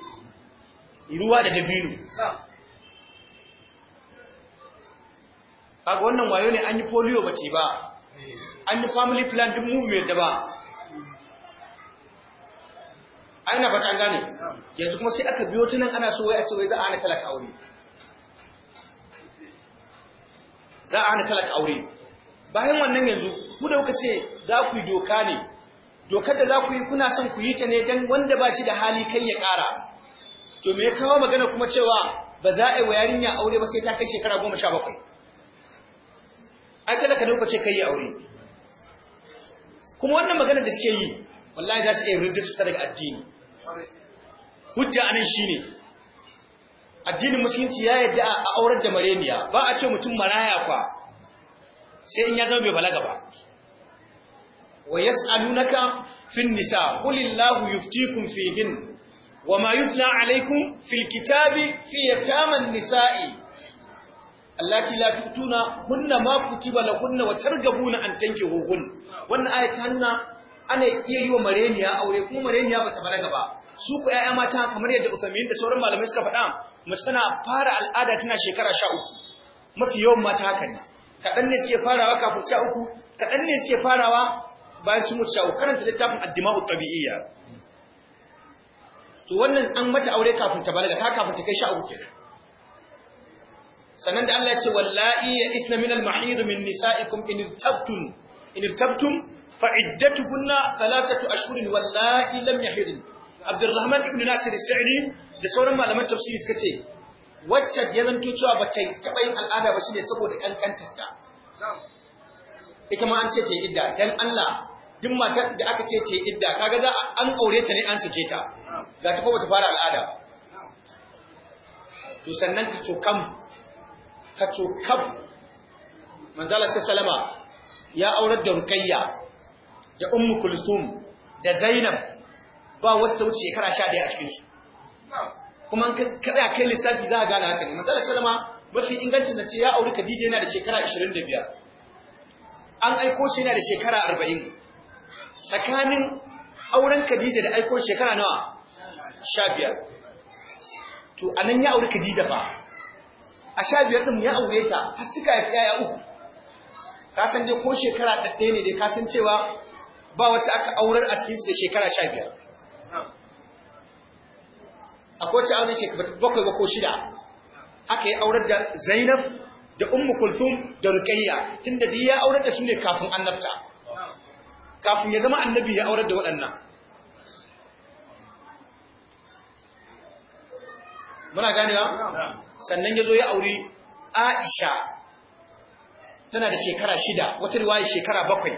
ruwa da dabino kaga wannan wayo ne an yi polio bace ba an yi family plan din movement da ba aina fata an gane yanzu kuma sai aka biyo tunan ana so wai a ce wai za a hana talaka aure za a hana talaka aure bayan wannan yanzu ku da kuka ce za ku yi doka ne dokar da za ku yi kuna son ku yi ta ne don wanda ba shi da hali kai ya ƙara to me ya kawo magana kuma cewa ba za a yi wa yarinya aure ba sai ta kai shekara goma sha bakwai ai talaka ka kuka ce kai yi aure kuma wannan magana da suke yi wallahi za su iya ridda su daga addini hujja anan shi ne. addinin musulunci ya yadda a aurar da mareniya ba a ce mutum maraya kwa sai in ya zama bai balaga ba wa yas'alunaka fin nisa qulillahu yuftikum fihin وما يتلى عليكم في الكتاب في يتامى النساء التي لا تؤتون هن ما كتب لهن وترغبون ان تنكحوهن wannan aya ta hanna ana iya yi wa mareniya aure kuma mareniya bata balaga ba su ku ƴaƴa mata kamar yadda Usaimin da sauran malamai suka faɗa mace tana fara al'ada tana shekara 13 mafi yawan mata haka ne kaɗan ne suke farawa kafin 13 kaɗan ne suke farawa bayan su mutu 13 karanta littafin ad-dima'u tabi'iyya to wannan an mata aure kafin ta balaga ta kafin ta kai sha uku kenan sannan da Allah ya ce wallahi ya isna min al-mahid min nisa'ikum in irtabtum in irtabtum fa iddatuhunna thalathatu ashhurin wallahi lam yahid Abdurrahman ibn Nasir al-Sa'di da sauran malaman tafsiri suka ce wacce ya zanto cewa ba ta taɓa yin al'ada ba shine saboda kankantarta ita ma an ce ta idda dan Allah duk matar da aka ce ta idda kaga za an aure ta ne an sake ta ga ta kowace fara al'ada ba to sannan ka cokam ka cokam manzala sai salama ya aurar da rukayya da ummu kulthum da zainab ba wata wuce shekara sha daya a cikinsu kuma an kada kai lissafi za a gane haka ne manzala salama mafi ingancin na ce ya auri Kadija yana da shekara 25 an aiko shi yana da shekara 40 tsakanin auren Kadija da aiko shekara nawa sha biyar to a nan ya auri Khadija fa a sha biyar ɗin ya aure ta har suka haifi ‘ya'ya uku ka san dai ko shekara ɗaɗɗe ne dai ka san cewa ba wacce aka aurar a cikinsu da shekara sha biyar akwai wacce aure shekara bakwai ba ko shida aka yi aurar da zainab da ummu kulthum da rukayya tunda dai ya aurar da su ne kafin annabta kafin ya zama annabi ya aurar da waɗannan muna ganewa sannan ya zo ya auri aisha tana da shekara shida wata riwaya shekara bakwai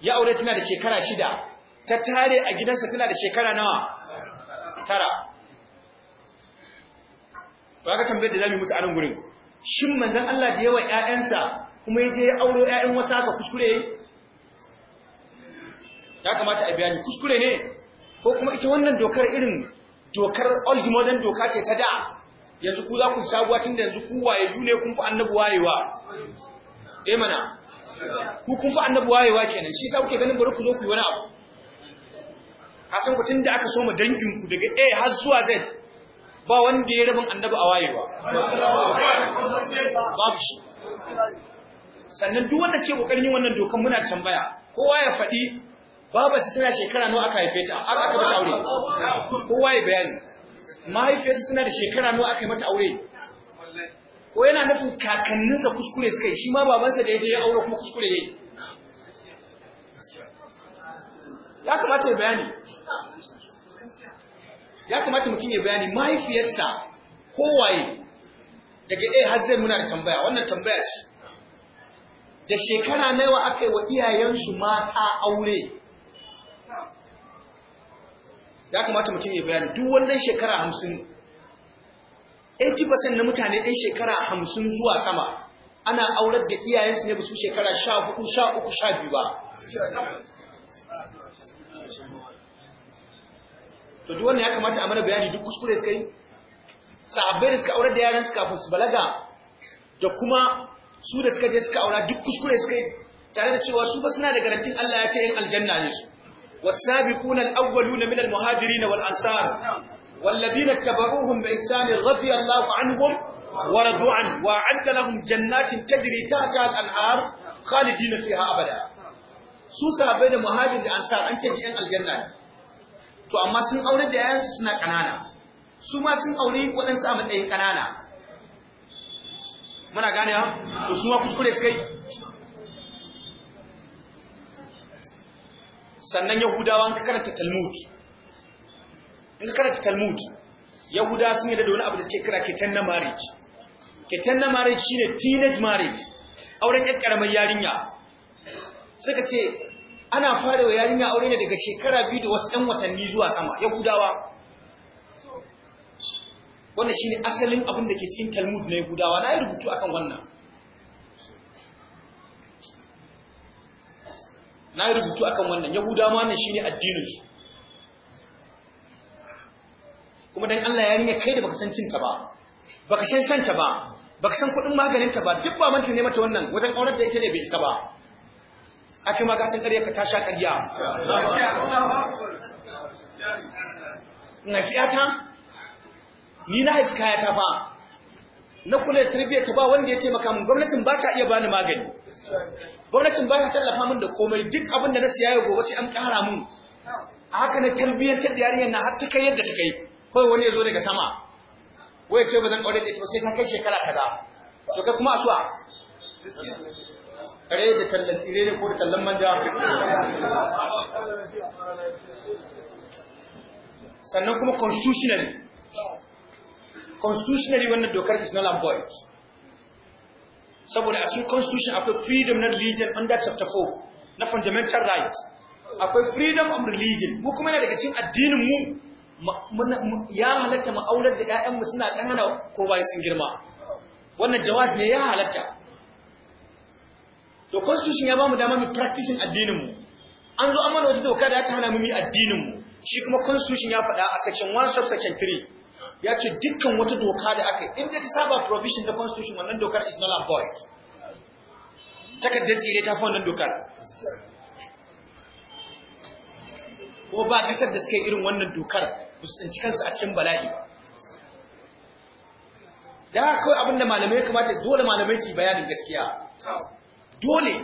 ya aure tana da shekara shida ta tare a gidansa tana da shekara nawa tara ba ka tambayar da zamu musu a nan gurin shin manzon Allah da yawa ƴaƴansa kuma yaje ya auro ƴaƴan wasu haka kuskure ya kamata a bayani kuskure ne ko kuma ita wannan dokar irin dokar old modern doka ce ta da yanzu ku za ku sabuwa tun da yanzu ku waye ne kun fi annabi wayewa eh mana ku kun fi annabi wayewa kenan shi sa kuke ganin bari ku zo ku yi wani abu kasan ku tun da aka soma dangin ku daga A har zuwa Z ba wanda ya rabin annabi a wayewa babu shi sannan duk wanda ke kokarin yin wannan dokan muna tambaya kowa ya faɗi Baba su tana shekara nawa aka haife ta har aka mata aure kowa ya bayani mahaifiyarsa tana da shekara nawa aka yi mata aure ko yana nufin kakanninsa kuskure suka yi shi ma babansa da ya je ya aure kuma kuskure ya yi ya kamata ya bayani ya kamata mutum ya bayani mahaifiyarsa kowaye daga ɗaya har zai muna da tambaya wannan tambaya ce da shekara nawa aka yi wa iyayensu mata aure ya kamata mutum ya bayani duk wannan shekara hamsin 80% na mutane ɗin shekara hamsin zuwa sama ana aurar da iyayensu ne ba su shekara sha hudu sha uku sha biyu ba to duk wannan ya kamata a mana bayani duk kuskure suka yi sahabbai da suka aurar da yaran su kafin su balaga da kuma su da suka je suka aura duk kuskure suka yi tare da cewa su ba suna da garantin Allah ya ce yin aljanna ne su والسابقون الأولون من المهاجرين والأنصار والذين اتبعوهم بإحسان رضي الله عنهم ورضوا عنه وأعد لهم جنات تجري تحتها الأنهار خالدين فيها أبدا su sahabbai da muhajir da ansar an ce yan aljanna to amma sun aure da yayansu suna kanana su ma sun aure waɗansu a matsayin kanana muna gane ha to su ma kuskure suka sannan yahudawa ka karanta talmud in ka karanta talmud yahudawa sun yi da wani abu da suke kira keten na marriage keten na marriage shine teenage marriage auren yan karamar yarinya suka ce ana fara wa yarinya aure ne daga shekara biyu da wasu 'yan watanni zuwa sama yahudawa wanda ne asalin abin da ke cikin talmud na yahudawa na yi rubutu akan wannan na rubutu akan wannan yahuda ma wannan shine addinin su kuma dan Allah ya ringa kai da baka san cinta ba baka san santa ba baka san kudin maganin ta ba duk ba manta ne mata wannan wajen aurar da ita ne bai isa ba ake ma ka san ƙarya ka ta sha ƙarya na fiyata ni na haifi kayata fa na kula da tarbiyyar ta ba wanda ya taimaka min gwamnatin ba ta iya bani magani gwamnatin baya tallafa min da komai duk abin da na siya ya gobe sai an kara mun a haka na tarbiyyantar da yarinyar na har ta kai yadda ta kai kawai wani ya zo daga sama wai ce ba zan aure da ita ba sai ta kai shekara kaza to kai kuma asuwa kare da tallan tsire ne ko da tallan manja sannan kuma constitutionally constitutionally wannan dokar is null and void saboda a cikin constitution akwai freedom na religion under chapter 4 na fundamental right akwai freedom of religion mu kuma yana daga cikin addinin mu ya halatta mu aular da ƴaƴanmu suna hana ko bayan sun girma wannan jawaz ne ya halatta to constitution ya ba mu dama mu practicing addinin mu an zo amana wata doka da ta hana mu mu addinin mu shi kuma constitution ya faɗa a section 1 subsection 3 ya ce dukkan wata doka da aka yi in da ta saba provision da constitution wannan dokar is not and void takardar tsire ta fi wannan dokar ko ba kasar da suka irin wannan dokar ba su tsinci kansu a cikin bala'i da kawai abinda malamai kamata dole malamai su yi bayanin gaskiya dole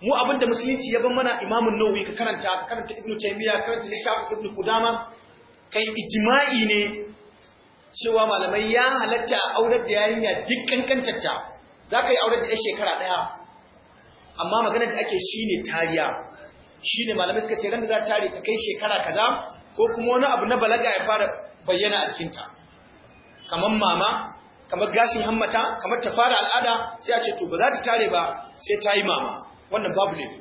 mu abinda musulunci ya ban mana imamun nauyi ka karanta ka karanta ibnu taymiya ka karanta lissafin ibnu kudama kai ijma'i ne cewa malamai ya halatta a aurar da yarinya duk kankantarta za ka yi aurar da ya shekara ɗaya amma maganar da ake shi ne tariya shi ne malamai suka ce ran da za tare ta kai shekara kaza ko kuma wani abu na balaga ya fara bayyana a cikinta kamar mama kamar gashin hammata kamar ta fara al'ada sai a ce to ba za ta tare ba sai ta yi mama wannan babu ne.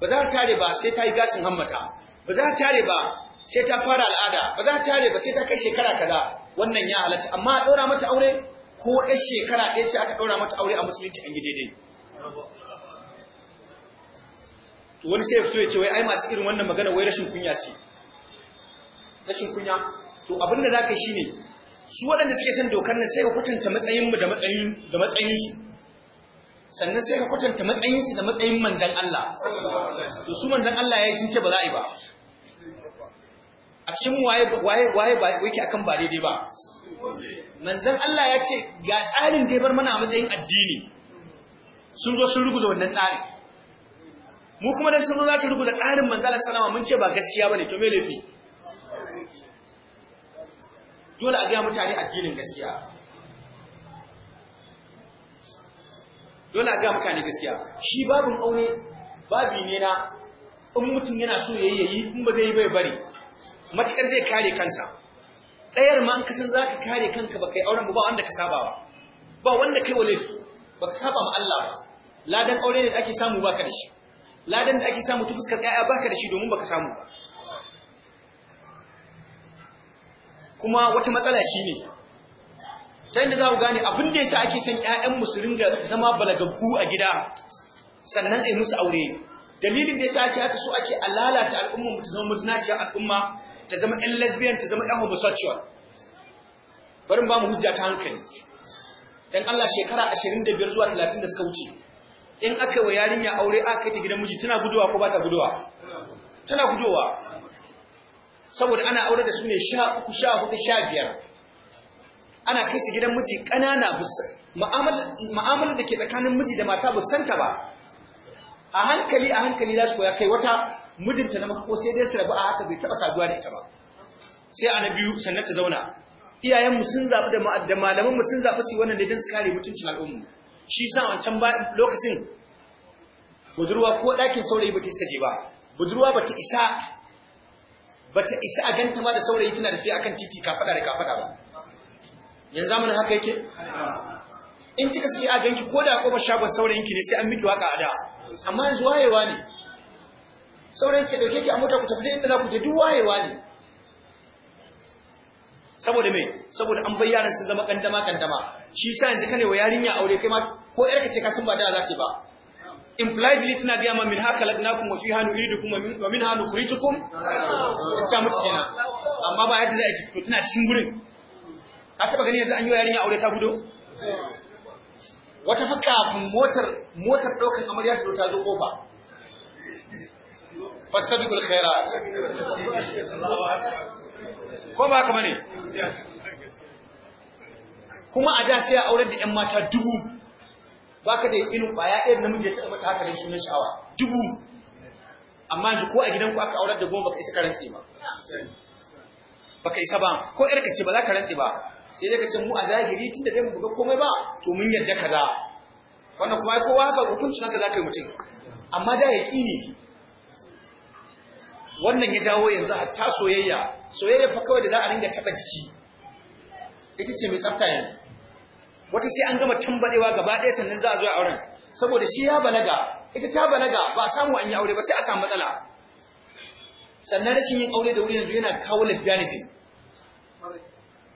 ba za ta tare ba sai ta yi gashin hammata ba za ta tare ba sai ta fara al'ada ba za ta tare ba sai ta kai shekara kaza wannan ya halatta amma a ɗaura mata aure ko ɗan shekara ɗaya ce aka ɗaura mata aure a musulunci an yi dai wani sai ya fito ya ce wai ai masu irin wannan magana wai rashin kunya su rashin kunya to abin da za ka yi shi ne su waɗanda suke son dokar nan sai ka kwatanta matsayinmu da matsayin da matsayinsu sannan sai ka kwatanta matsayinsu da matsayin manzan Allah to su manzan Allah ya yi sun ce ba za a yi ba a cikin waye waye waye ba yake akan ba daidai ba manzon Allah ya ce ga tsarin da ya bar mana a matsayin addini sun zo sun ruguza wannan tsari? mu kuma dan sun zo za su ruguza tsarin manzon Allah sallama mun ce ba gaskiya bane to me lafi dole a ga mutane addinin gaskiya dole a ga mutane gaskiya shi babin aure babi ne na in mutum yana so yayi yayi in ba zai yi bai bari matakar zai kare kansa ɗayar ma an kasan za ka kare kanka ba kai auren ba wanda ka saba ba ba wanda kai wa laifi ba ka saba ma Allah ba ladan aure ne da ake samu ba ka da shi ladan da ake samu ta fuskar ɗaya ba ka da shi domin ba ka samu ba kuma wata matsala shi ne ta yadda za ku gane abin da ya sa ake son ƴaƴan musulun da zama balagaggu a gida sannan a yi musu aure dalilin da ya sa ake haka so ake a lalata al'umma mu ta zama mazinaciya al'umma ta zama ɗan lesbian ta zama ɗan homosexual barin ba mu hujja ta hankali ɗan Allah shekara 25 zuwa 30 da suka wuce in aka wa yarinya aure aka kai ta gidan miji tana guduwa ko ba ta guduwa tana guduwa saboda ana aure da su ne 13 sha 15 ana kai su gidan miji kanana ma'amala da ke tsakanin miji da mata busanta ba a hankali a hankali za su koya kai wata mijinta na mako sai dai su rabu a haka bai taba saduwa da ita ba sai a na biyu sannan ta zauna iyayen mu sun zabi da malaman mu sun zabi su wannan da don su kare mutuncin al'umma shi sa wancan lokacin budurwa ko ɗakin saurayi bata iska je ba budurwa bata isa bata isa a ganta ma da saurayi tana tafiya akan titi kafada da kafada ba yanzu zamanin haka yake in kika sai a ganki ko da kofar shagon saurayin ki ne sai an miki waka a da amma yanzu wayewa ne sauran ce dauke ki a mota ku tafi inda za ku je duk wayewa ne saboda me saboda an bayyana sun zama kandama kandama shi yasa yanzu kane wa yarinya aure kai ma ko yarka ce ka sun ba da za ce ba impliedly tana ga ma min haka lagnakum wa fiha nuridukum wa min nukhrijukum ta mutu kenan amma ba yadda za a fito tana cikin gurin ka taba gani yanzu an yi wa yarinya aure ta gudo wata fa motar motar daukan amarya ta zo ta zo kofa fastabiqul khairat ko ba ka bane kuma a da sai a aurar da ƴan mata dubu baka da yakinin kwaya ɗaya namiji ya taɓa mata haka da sunan shawa? dubu amma yanzu ko a gidan ku aka aure da goma baka isa karanci ba baka isa ba ko irka ce ba za ka rantsi ba sai dai ka ce mu a zahiri tunda dai mu buga komai ba to mun yadda kaza wannan kuma kowa haka hukuncin haka za ka yi mutum amma da yaƙini wannan ya jawo yanzu ta soyayya soyayya fa kawai da za a ringa taba jiki ita ce mai tsafta yanzu wata sai an gama tambadewa gaba ɗaya sannan za a zo a auren saboda shi ya balaga ita ta balaga ba samu an yi aure ba sai a samu matsala sannan rashin yin aure da wuri yanzu yana kawo lesbianism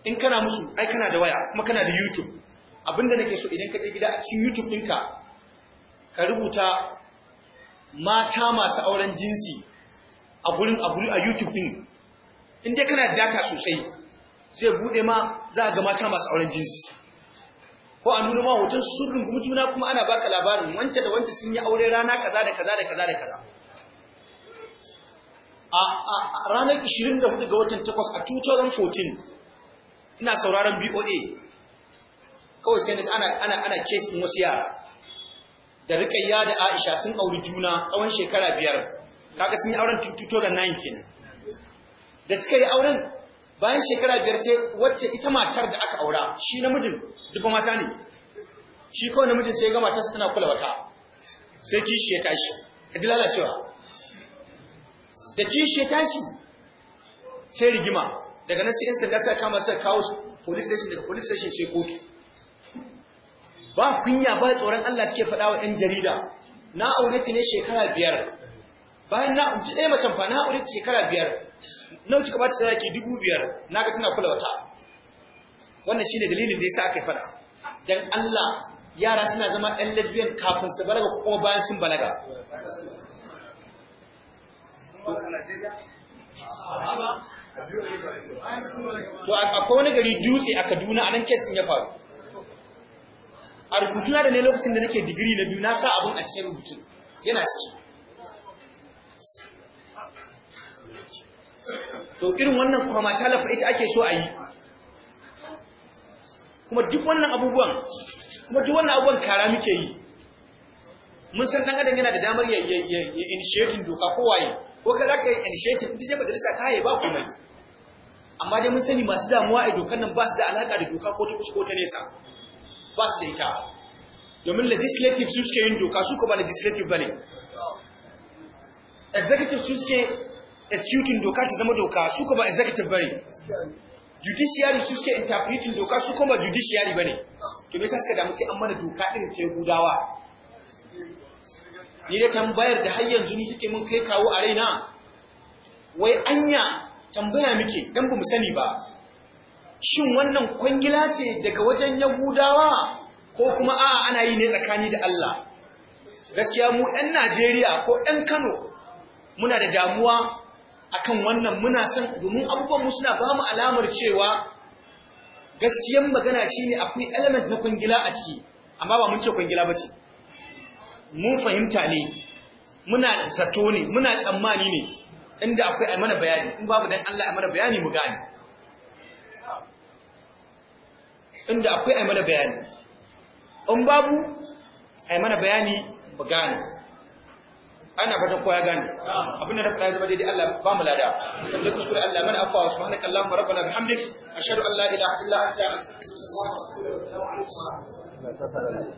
in kana musu ai kana da waya kuma kana da youtube abinda nake so idan ka je gida a cikin youtube ɗinka ka rubuta mata masu auren jinsi a gurin a gurin a YouTube din in dai kana data sosai sai bude ma za ga mata masu auren jinsi ko a nuna ma hoton sun rungumi juna kuma ana baka labarin wance da wance sun yi aure rana kaza da kaza da kaza da kaza a ranar 24 ga watan 8 a 2014 ina sauraron BOA kawai sai ana ana ana case din wasu yara da rikayya da Aisha sun auri juna tsawon shekara biyar kaga sun yi auren 2009 kenan da suka yi auren bayan shekara biyar sai wacce ita matar da aka aura shi namijin dubba mata ne shi kawai namijin sai ga matarsa tana kula wata sai kishi ya tashi ka ji lalacewa da kishi ya tashi sai rigima daga nan sai 'yan sanda sai kama sai kawo police station daga police station sai kotu ba kunya ba tsoron Allah suke faɗa wa 'yan jarida na aure ta ne shekara biyar bayan na ji ɗaya macen fa na aure shekara biyar na wuce kamata ta yake dubu biyar na ga tana kula wata wannan shine dalilin da ya sa aka fada dan Allah yara suna zama ɗan lesbian kafin su balaga ko kuma bayan sun balaga to akwai wani gari dutse a Kaduna a nan kesin ya faru a rubutu na da ne lokacin da nake digiri na biyu na sa abin a cikin rubutu yana ciki to irin wannan kwamata lafa ita ake so a yi kuma duk wannan abubuwan kuma duk wannan abubuwan kara muke yi mun san dan adam yana da damar ya initiating doka ko waye ko ka zaka yi initiating ita ce majalisa ta yi ba komai amma dai mun sani masu damuwa a dokar nan ba su da alaka da doka ko ta kusa ko ta nesa ba su da ita domin legislative su suke yin doka su ko ba legislative bane executive su suke executing doka ta zama doka su kuma executive bane judiciary su suke interpreting doka su kuma judiciary bane to me yasa suka damu sai an mana doka irin ta gudawa ni da tambayar da har yanzu ni take mun kai kawo a raina wai anya tambaya muke dan bamu sani ba shin wannan kwangila ce daga wajen yahudawa ko kuma a'a ana yi ne tsakani da Allah gaskiya mu ɗan Najeriya ko ɗan Kano muna da damuwa akan wannan muna son domin abubuwan mu suna ba mu alamar cewa gaskiyan magana shine akwai element na kungila a ciki amma ba mun ce kungila bace mun fahimta ne muna zato ne muna tsammani ne inda akwai ai mana bayani in babu dan Allah ai mana bayani mu gane inda akwai ai mana bayani in babu ai mana bayani mu gane ana fatan kowa ya gane abin da na faɗa zama daidai Allah ba mu lada da kuskure Allah mana afwa subhanaka allahumma rabbana bihamdik ashhadu an la ilaha illa anta astaghfiruka wa atubu ilaik